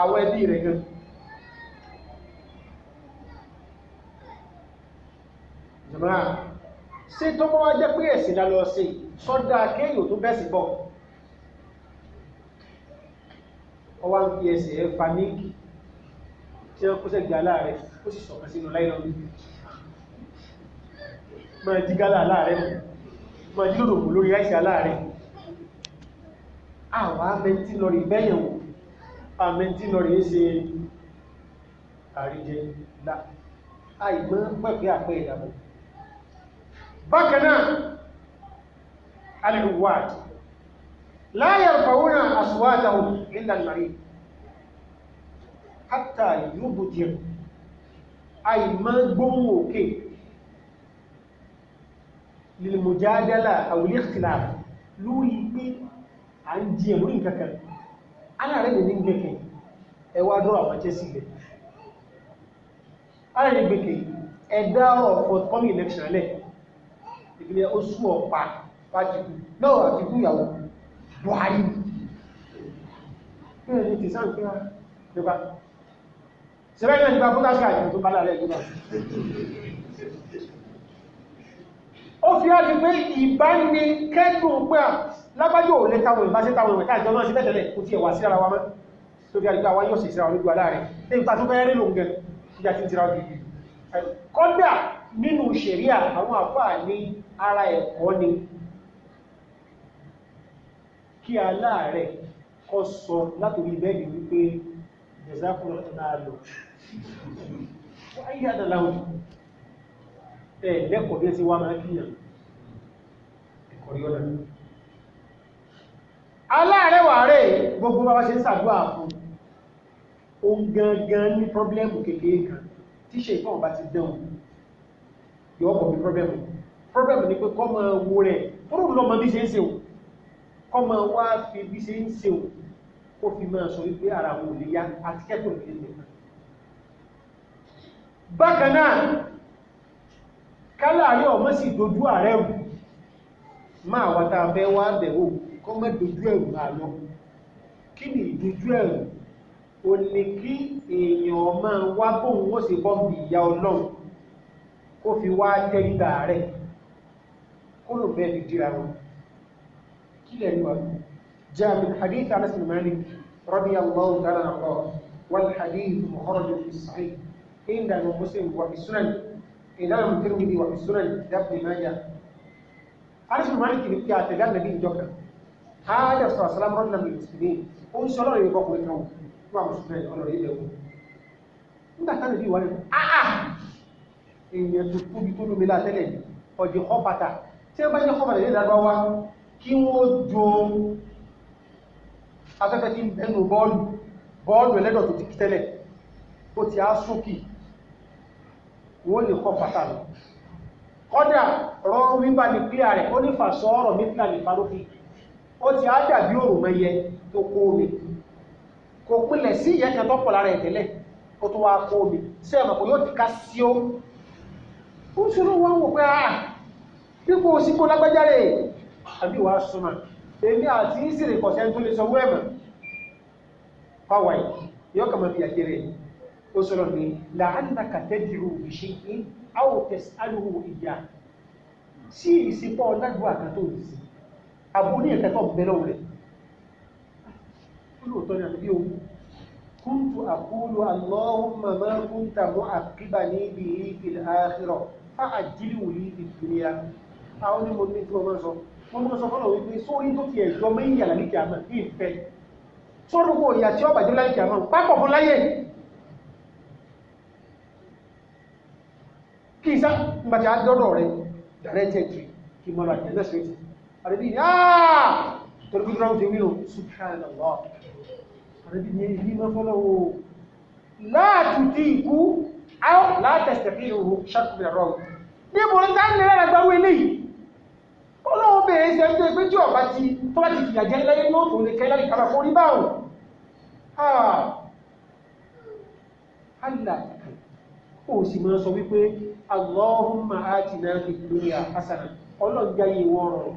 àwọn ẹbí rẹ̀ gan jùmọ́ sí tó mọ́ jẹ́ pé ẹ̀sìn lálọ́ sí sọ́dá kéyò tó bẹ́sì bọ́ ọwá ń fi ẹsẹ̀ ẹ fa ní tí wọ́n kó sẹ́gbẹ̀ aláàrẹ̀ ó sì sọ̀kan sínú láìlọ́ máa jí gálà aláàrẹ̀ máa jí lòdòkù lórí àìsí aláàrẹ̀ àwọn amẹ́ntí lọ rí bẹ́yàn wò amẹ́ntí lọ rí ṣe àríjẹ lá àìmọ́ pẹ̀pẹ́ àpẹ́ ìdàmọ́ bákan náà alìwàd láyé fàúnà àṣùwádàwò ilẹ̀ àlàrí hátà yúbùdìẹ̀ àìmọ́ gbóhùn òkè lil mujadala aw à ń jí ẹ̀ lórí nǹkan kan aláàrẹ̀ lè ní gbẹ̀kẹ̀ ẹ wá dúró àwọn ẹ̀jẹ̀ sílẹ̀ aláàrẹ̀ gbẹ̀kẹ̀ ẹ dá ọ̀rọ̀ for coming election lẹ̀ ìpínlẹ̀ oṣù ọ̀pá pàtìkù náà àtìkù ìyàwó Buhari kí ni ti sáà ń kíra nípa sẹ́fẹ́ náà fún káṣíkà ìlú tó bá láàrẹ̀ ìlú ó fi á di pé ìbánikẹ́dùn pé lágbájọ́ ò lè táwọn ìbáṣe táwọn ìwẹ̀ káàkiri ọmọ sí tẹ́tẹ̀lẹ̀ kò tí ẹ̀wà sí ara wa mọ́ tó fi àrígbà wáyọ̀ sí ìsìnra olúgbà láàrin tí ìta ni kí aláàrẹ̀ kọ́ sọ látòrí bẹ́ẹ̀ni wípé ìjẹ̀sákùnrin náà lọ wáyé àdàláwọ̀ ẹ̀ lẹ́kọ̀ọ́ bí ẹ ti wá máa kíyàn ẹ̀kọ́ aláàrẹwà rẹ̀ gbogbo bá ṣe ń sàdúrà fún o gangan ní pọ́blẹ́mù kékeré kan tí ṣe ìfọ́n bá ti dán yọ ọkọ̀ bí pọ́blẹ́mù pọ́blẹ́mù ni pé kọ́ máa wo rẹ̀ fúrú lọ́mọ bí ṣe ń ṣeun kọ́ máa wá fi bí ṣe ń ṣeun kó fi máa sọ wípé ara wọn ò lè yá àti kẹ́kọ̀ọ́ kọ́mọ́ dojú ẹ̀rù máa lọ kí ni ìdojú ẹ̀rù ò ní kí èèyàn máa wá bóun ó sì bọ́ bí ìyá ọlọ́run kó fi wá tẹ́ríta rẹ̀ kó ló bẹ́ẹ̀ fi dira wọn kí lẹ́nu wa جاء من حديث أنس بن مالك رضي الله تعالى عنه والحديث مخرج في الصحيح عند مسلم وفي السنن إمام الترمذي وفي السنن لابن ماجه أنس بن مالك بن كاتب النبي جوكر hada sọ̀rọ̀ sálámù rọ́jùlá mi ìsìnkú ó ń sọ́lọ́ ìrìn ọkùnrin kan wà mùsùlùmí ọ̀nà ilẹ̀ wọn nígbà táwọn ìdí ìwádìí àà èèyàn tó tóbi tó lómi látẹ́lẹ̀ ọ̀dì họ́pàtà tí wọ́n bá ní ìdádọ́ jo afẹ́fẹ́ tí ń bẹnu bọ́ọ̀lù bọ́ọ̀lù ẹlẹ́dọ̀ tó ti tẹ́lẹ̀ ó ti á sókì wọ́n lè họ́pàtà lọ kọ́dà rọrùn wíwá ní pílà rẹ̀ ó ó ti á dàbí òrùn mẹyẹ tó kó omi kò pinlẹ̀ sí ìyẹn kan tó pọ̀ lára ẹ̀ tẹ́lẹ̀ ó tó wá kó omi ṣé ẹ̀ mọ̀ pé yóò ti ká sí ó ó ń ṣòro wọn wò pé a ah, pípò sípò lágbájáre àbí wàá súnmọ́ èmi àti ìsìrì kọ̀ṣẹ́ tó lè sọ wẹ́ẹ̀mọ̀ fáwáì yóò kà mọ́ bí àjẹrẹ ó sọ̀rọ̀ ní làálàkà tẹ́jìrò ìṣe ní áwòtẹ́sì alùhù ìyá sí ìsìnkọ́ ọ̀nàgbọ́ àkàtó ìsìn àbúrò ní ẹ̀kẹ́kọ̀ bẹ̀rẹ̀ òun rẹ̀ olóòtọ́ ni àbí òun kúntù àkúlù allahumma ma kunta mu'aqibani bihi fil akhirah fa ajilhu li fid dunya àwọn ní mo ní tí wọ́n máa sọ wọ́n máa sọ fọ́nà wípé sórí tó ti ẹ̀jọ́ mẹ́yìn yàrá ní kìámà ní ìfẹ́ sórúkọ ìyà tí ó bàjẹ́ láì kìámà pápọ̀ fún láyé kí ìsá ìgbàjá dọ́dọ̀ rẹ̀ dàrẹ́tẹ̀ kí mọ́ra ìyẹn náà àrẹ́bí ní àà torí kúrò ráwùtẹ̀ wílò subhanallah àrẹ́bí ní ilé mọ́fọ́lọ́wọ́ látùtí ikú látẹ̀sẹ̀fí ìhù ṣàkùnrin rọ̀ níbo ní táà nílẹ̀ àgbáwé eléyìí olóhùn bèèrè ṣe ń tó ẹgbẹ́ tí ọba ti tó bá ti fìyà jẹ láyé ní òfò ní kẹlẹ́ ní kàbà fórí Allah ó sì máa sọ wípé Allahumma atina fid dunya hasana ọlọ́gbà yìí wọ́n rọrùn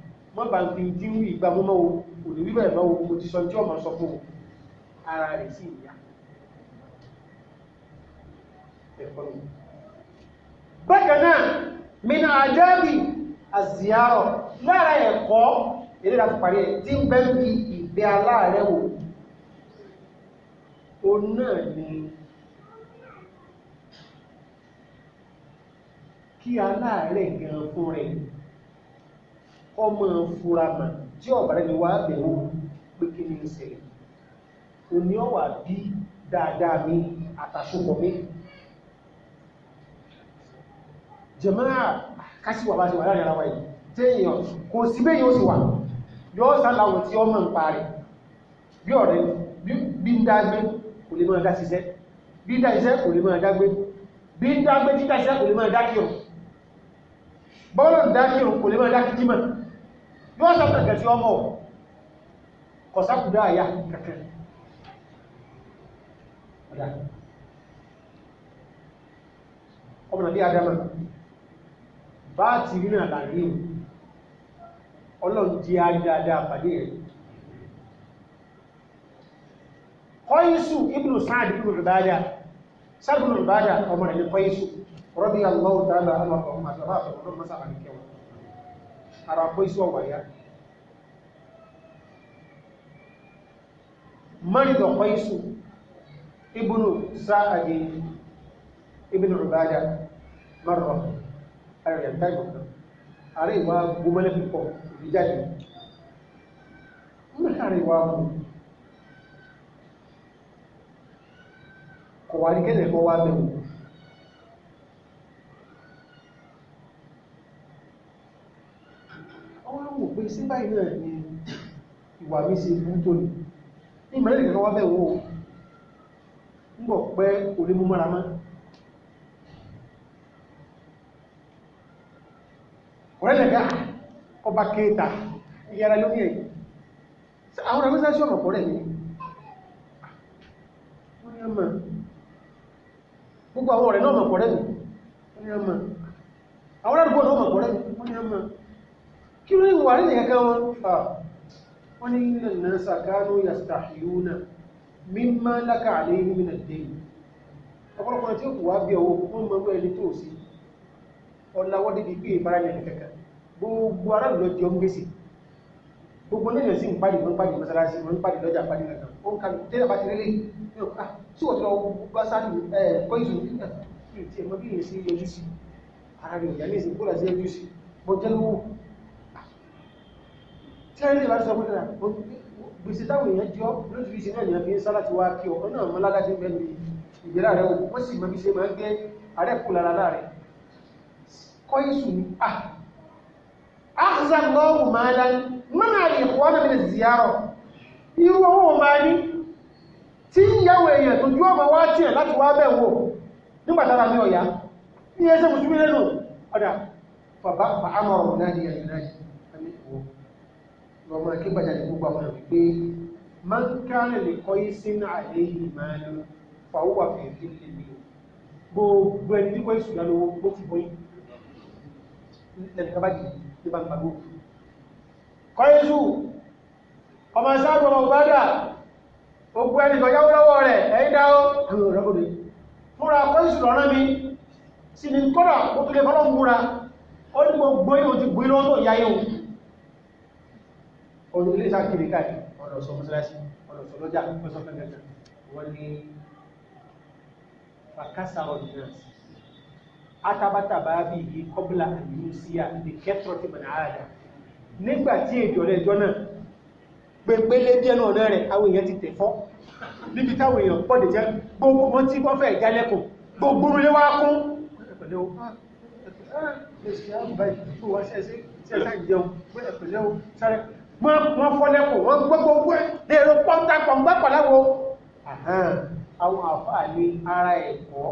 mọ́ bá ń fi tí ń rí ìgbà mú mọ́ o kò ní wíbẹ̀rẹ̀ o mo ti sọ tí ọmọ sọ fún o ara rẹ̀ sì ń yá ẹ̀kọ́ mi. bákan náà mina ajabi aziyarọ lára ẹ̀kọ́ eré láti parí ẹ̀ tí ń bẹ́ ń fi ìgbé wò ó náà ni kí aláàrẹ̀ gan fún rẹ̀ ọmọ furama tí ọ̀bàrẹ́ ni wàá bẹ̀rù pé kí ni ìṣẹ̀lẹ̀ òní ọ̀wà bí dáadáa mi àtàṣokọ̀ mi jẹ̀máà kásì wà bá ṣe wà láàrin ara wa yìí téèyàn kò sí bẹ́ẹ̀ yóò sì wà yóò sáláwọ̀ tí ọmọ ń parí bí ọ̀rẹ́ bí ń dágbé kò lè máa dá ṣiṣẹ́ bí dá iṣẹ́ kò lè máa dágbé bí ń dágbé títà iṣẹ́ kò lè máa dákìrùn bọ́ọ̀lọ̀ dákìrùn kò lè máa dákìjímọ̀ yóò sọ kẹ̀kẹ́ tí ọmọ kọ̀sákùdá àyà kẹ̀kẹ́ ọ̀dá ọmọ nàbí adama bá ti rí náà láàrin ọlọ́run jẹ́ àdáadáa pàdé rẹ̀ kọ́yísù ibùn sáàdì ibùn ìbádà sáàdì ibùn ìbádà ọmọ kọ́yísù rọ́bí allah ta'ala ọmọ arabọ isi ọwà ya maridọ kwaisu ibnu sa'adi ibnu rubada marọ arìyàntá ìgbọ̀nà ààrẹ ìwà gbọmọlẹ́ púpọ̀ ìjáde láàrin ìwà mú kọ̀wàrí kẹ́lẹ̀ kọ́ wá bẹ̀rù pé sí báyìí náà ni ìwà mi ṣe fún tóní ní ìmọ̀lẹ́ ìkẹ́kọ̀ọ́ wá fẹ́ wò ó ń bọ̀ pẹ́ orí mú mọ́ra mọ́ ọ̀rẹ́lẹ̀gá ọba kéta ìyára lórí ẹ̀ àwọn ẹgbẹ́sẹ̀ sí ọ̀nà kọ̀rẹ̀ ní wọ́n ni ọmọ gbogbo àwọn ọ̀rẹ́ náà mọ̀ kọ̀rẹ̀ ní wọ́n ni ọmọ àwọn ọ̀rẹ́ náà mọ̀ kọ̀rẹ̀ ní wọ́n ni ọmọ kí ló ní wà ní ẹ̀kẹ́ wọn wọ́n ní ilẹ̀ náà sàkánú yastahiyuna mimma laka alayhi min ad-dayn ọ̀pọ̀lọpọ̀ tí ó kù wá bí ọwọ́ fún mọ́mú ẹni tó sí ọ̀làwọ́dé di pé ìbára ní ẹni kẹta gbogbo ará lọ jọ ń gbèsè gbogbo nílẹ̀ sí ń pàdé mọ́ ń pàdé mọ́sálásí mọ́ ń tẹ́lẹ̀ bá sọ pínlẹ̀ gbèsè táwọn èèyàn jọ lóṣùwíṣì náà ni a fi ń sálà ti wá kí ọ náà mọ́ ládájú bẹ́ẹ̀ ni ìgbéra rẹ̀ wọ́n sì mọ́ bí ṣe máa ń gbé ààrẹ kú lára láàrẹ kọ́ ìṣù ni a áhùzà lọ́wọ́ máa dání mọ́nà ìkọ́ náà bẹ̀rẹ̀ ziyarọ̀ irú owó máa ní tí ń yàwó èèyàn tó jú ọmọ wá tiẹ̀ láti wá bẹ̀ wò nígbà tára mi ọ̀yá ní ẹsẹ̀ mùsùlùmí lẹ́nu ọ̀dà fàbá fàámọ̀rọ̀ náà ni ẹ̀yìn náà lọ́mọ akébàjáde gbogbo àwọn ọ̀rọ̀ pé máa ń kárẹ̀ lè kọ́ yí sínú àlè yìí máa ń fàwọ́ wà fèèfé lè mi gbogbo ẹni tí kọ́ yí ṣùgbọ́n lówó ló fi bọ́yìn lẹ́nìkan bá jì ní bá ń gbàgbó kọ́ yí sù ọmọ sáàbù ọmọ òbádà gbogbo ẹni kan yáwó lọ́wọ́ rẹ̀ ẹ̀yìn dáwó àwọn ọ̀rọ̀ kò dé fúnra kọ́ yí sùn lọ́rán mi sí ni kọ́dà ó tó lè fọ́lọ́ ọ̀rọ̀ ilé ìsákiri káì ọ̀rọ̀ sọ mọ́sálásí ọ̀rọ̀ sọ lọ́jà pẹ́sọ́ pẹ́gẹ́gẹ́ wọ́n ní fàkásà ọ̀dìnàsì atábátàbá bí i kọ́bùlà àdìmúsíà ní kẹ́tọ̀ ti mọ̀nà àádá nígbà tí èjò rẹ̀ jọ náà pẹ̀pẹ̀lẹ̀ díẹ̀ náà náà rẹ̀ àwọn èèyàn ti tẹ̀fọ́ níbi táwọn èèyàn pọ̀dẹ̀ jẹ́ gbogbo wọn tí wọ́n fẹ́ ìjálẹ́kùn gbogbo rẹ̀ wá kún ẹ̀pẹ̀lẹ́ o wọ́n fọ́lẹ́kù wọ́n gbogbo lèrò pọ́ńtà pọ̀ǹgbà pàláwo àwọn àfáà ní ara ẹ̀kọ́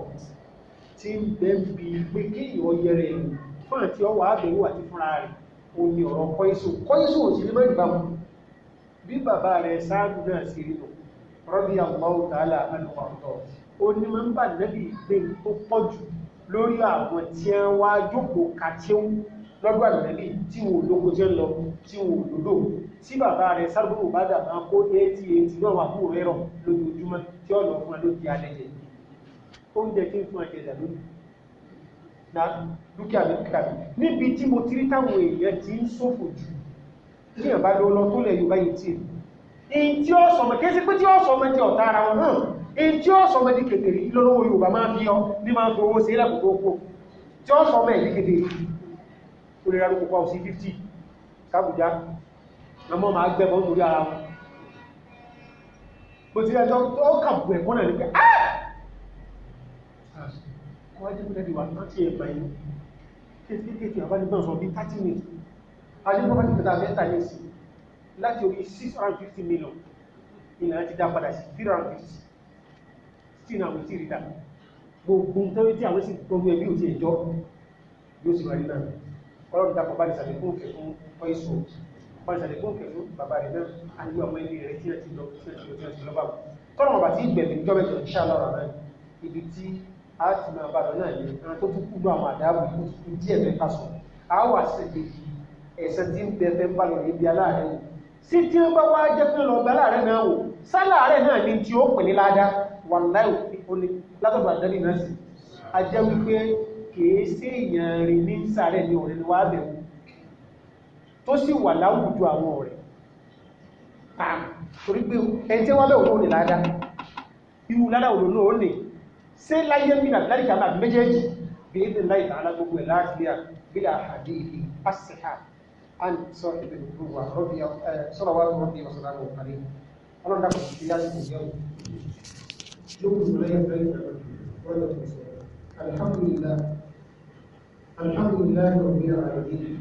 tí ń bẹ́ bí pé kí ìwọ̀yẹ rẹ̀ fún àti ọwọ́ àbẹ̀wò àti fúnra rẹ̀ o ní ọ̀rọ̀ kọ́ísù kọ́ísù ò sí ní mẹ́rin bámu bí bàbá rẹ̀ sáájú náà sí rí lò rọ́bí Allahu ta'ala àmàlù ọ̀tọ̀ ó ní mọ́ ń bà nẹ́bí ìgbé tó pọ̀ jù lórí àwọn tí wọ́n wá jókòó kàtíwú lọ́dọ̀ àlẹ́bí tí wò lóko jẹ́ lọ tí wò lòdò tí bàbá rẹ̀ sábúrò bá dà máa kó eighty eighty náà wà fún rẹ̀ rọ̀ lójoojúmọ́ tí ọ̀nà fún ẹ ló di alẹ́ jẹ oúnjẹ tí ń fún ẹ̀jẹ̀ dà lónìí na dúkìá dúkìá níbi tí mo ti rí táwọn èèyàn ti ń ṣòfò jù ní ẹ̀bá ló lọ tó lẹ̀ Yorùbá yìí tì èyí tí ó sọmọ kí sí pé tí ó sọmọ di ọ̀tá ara wọn náà èyí tí ó sọmọ di kékeré lọ́wọ́ Yorùbá máa fi ọ ní máa fi owó sí lákòókò tí ó ó lè rárúkú pa òsí 50 kábùjá àmọ́ máa gbẹ́bọ̀ nítorí ara wọn bó ti ẹjọ́ tó kàbù ẹ̀kọ́ náà ah! ní pé áà kọ́ ajé mú lẹ́dìwà láti million ilẹ̀ láti dá padà sí 350 sínú àwọn tí rí dá gbogbo kọ́lọ́run dákọ̀ bá ní sàlékún òkè fún ọ̀ìṣù bá ní sàlékún òkè fún bàbá rẹ̀ náà àníwá ọmọ ẹbí rẹ̀ tí ẹ ti lọ tí ẹ ti lọ tí ẹ ti lọ báwò tọ́lọ̀ wọn bá ti gbẹ̀mí jọ́bẹ̀ tó ń ṣá lọ́rọ̀ náà ibi tí a ti máa bá lọ náà ni àwọn tó tún kúrò àwọn àdáàbò tó tún díẹ̀ mẹ́ta sọ a wà síbi ẹ̀sẹ̀ tí ń bẹ fẹ́ ń bá lọ níbi aláàrẹ̀ wò sí tí wọ́n bá wá jẹ́ pé lọ bẹ aláàrẹ̀ náà wò sálàárẹ̀ náà ni tí ó pè ní ládàá wàláì òní látọ̀gbà dẹ́bì náà sí a jẹ́ wípé kìí sí èèyàn rí ní sàárẹ̀ ní ọ̀rẹ́ wá bẹ̀wò tó sì wà láwùjọ àwọn ọ̀rẹ́ torí pé ẹni tí wọ́n bẹ̀ òun ní ládá irú ládá òun náà ó ní ṣé láyé mìíràn láti kàmà méjèèjì bí ibi láì tààlà gbogbo ẹ̀ láti rí الحمد لله رب العالمين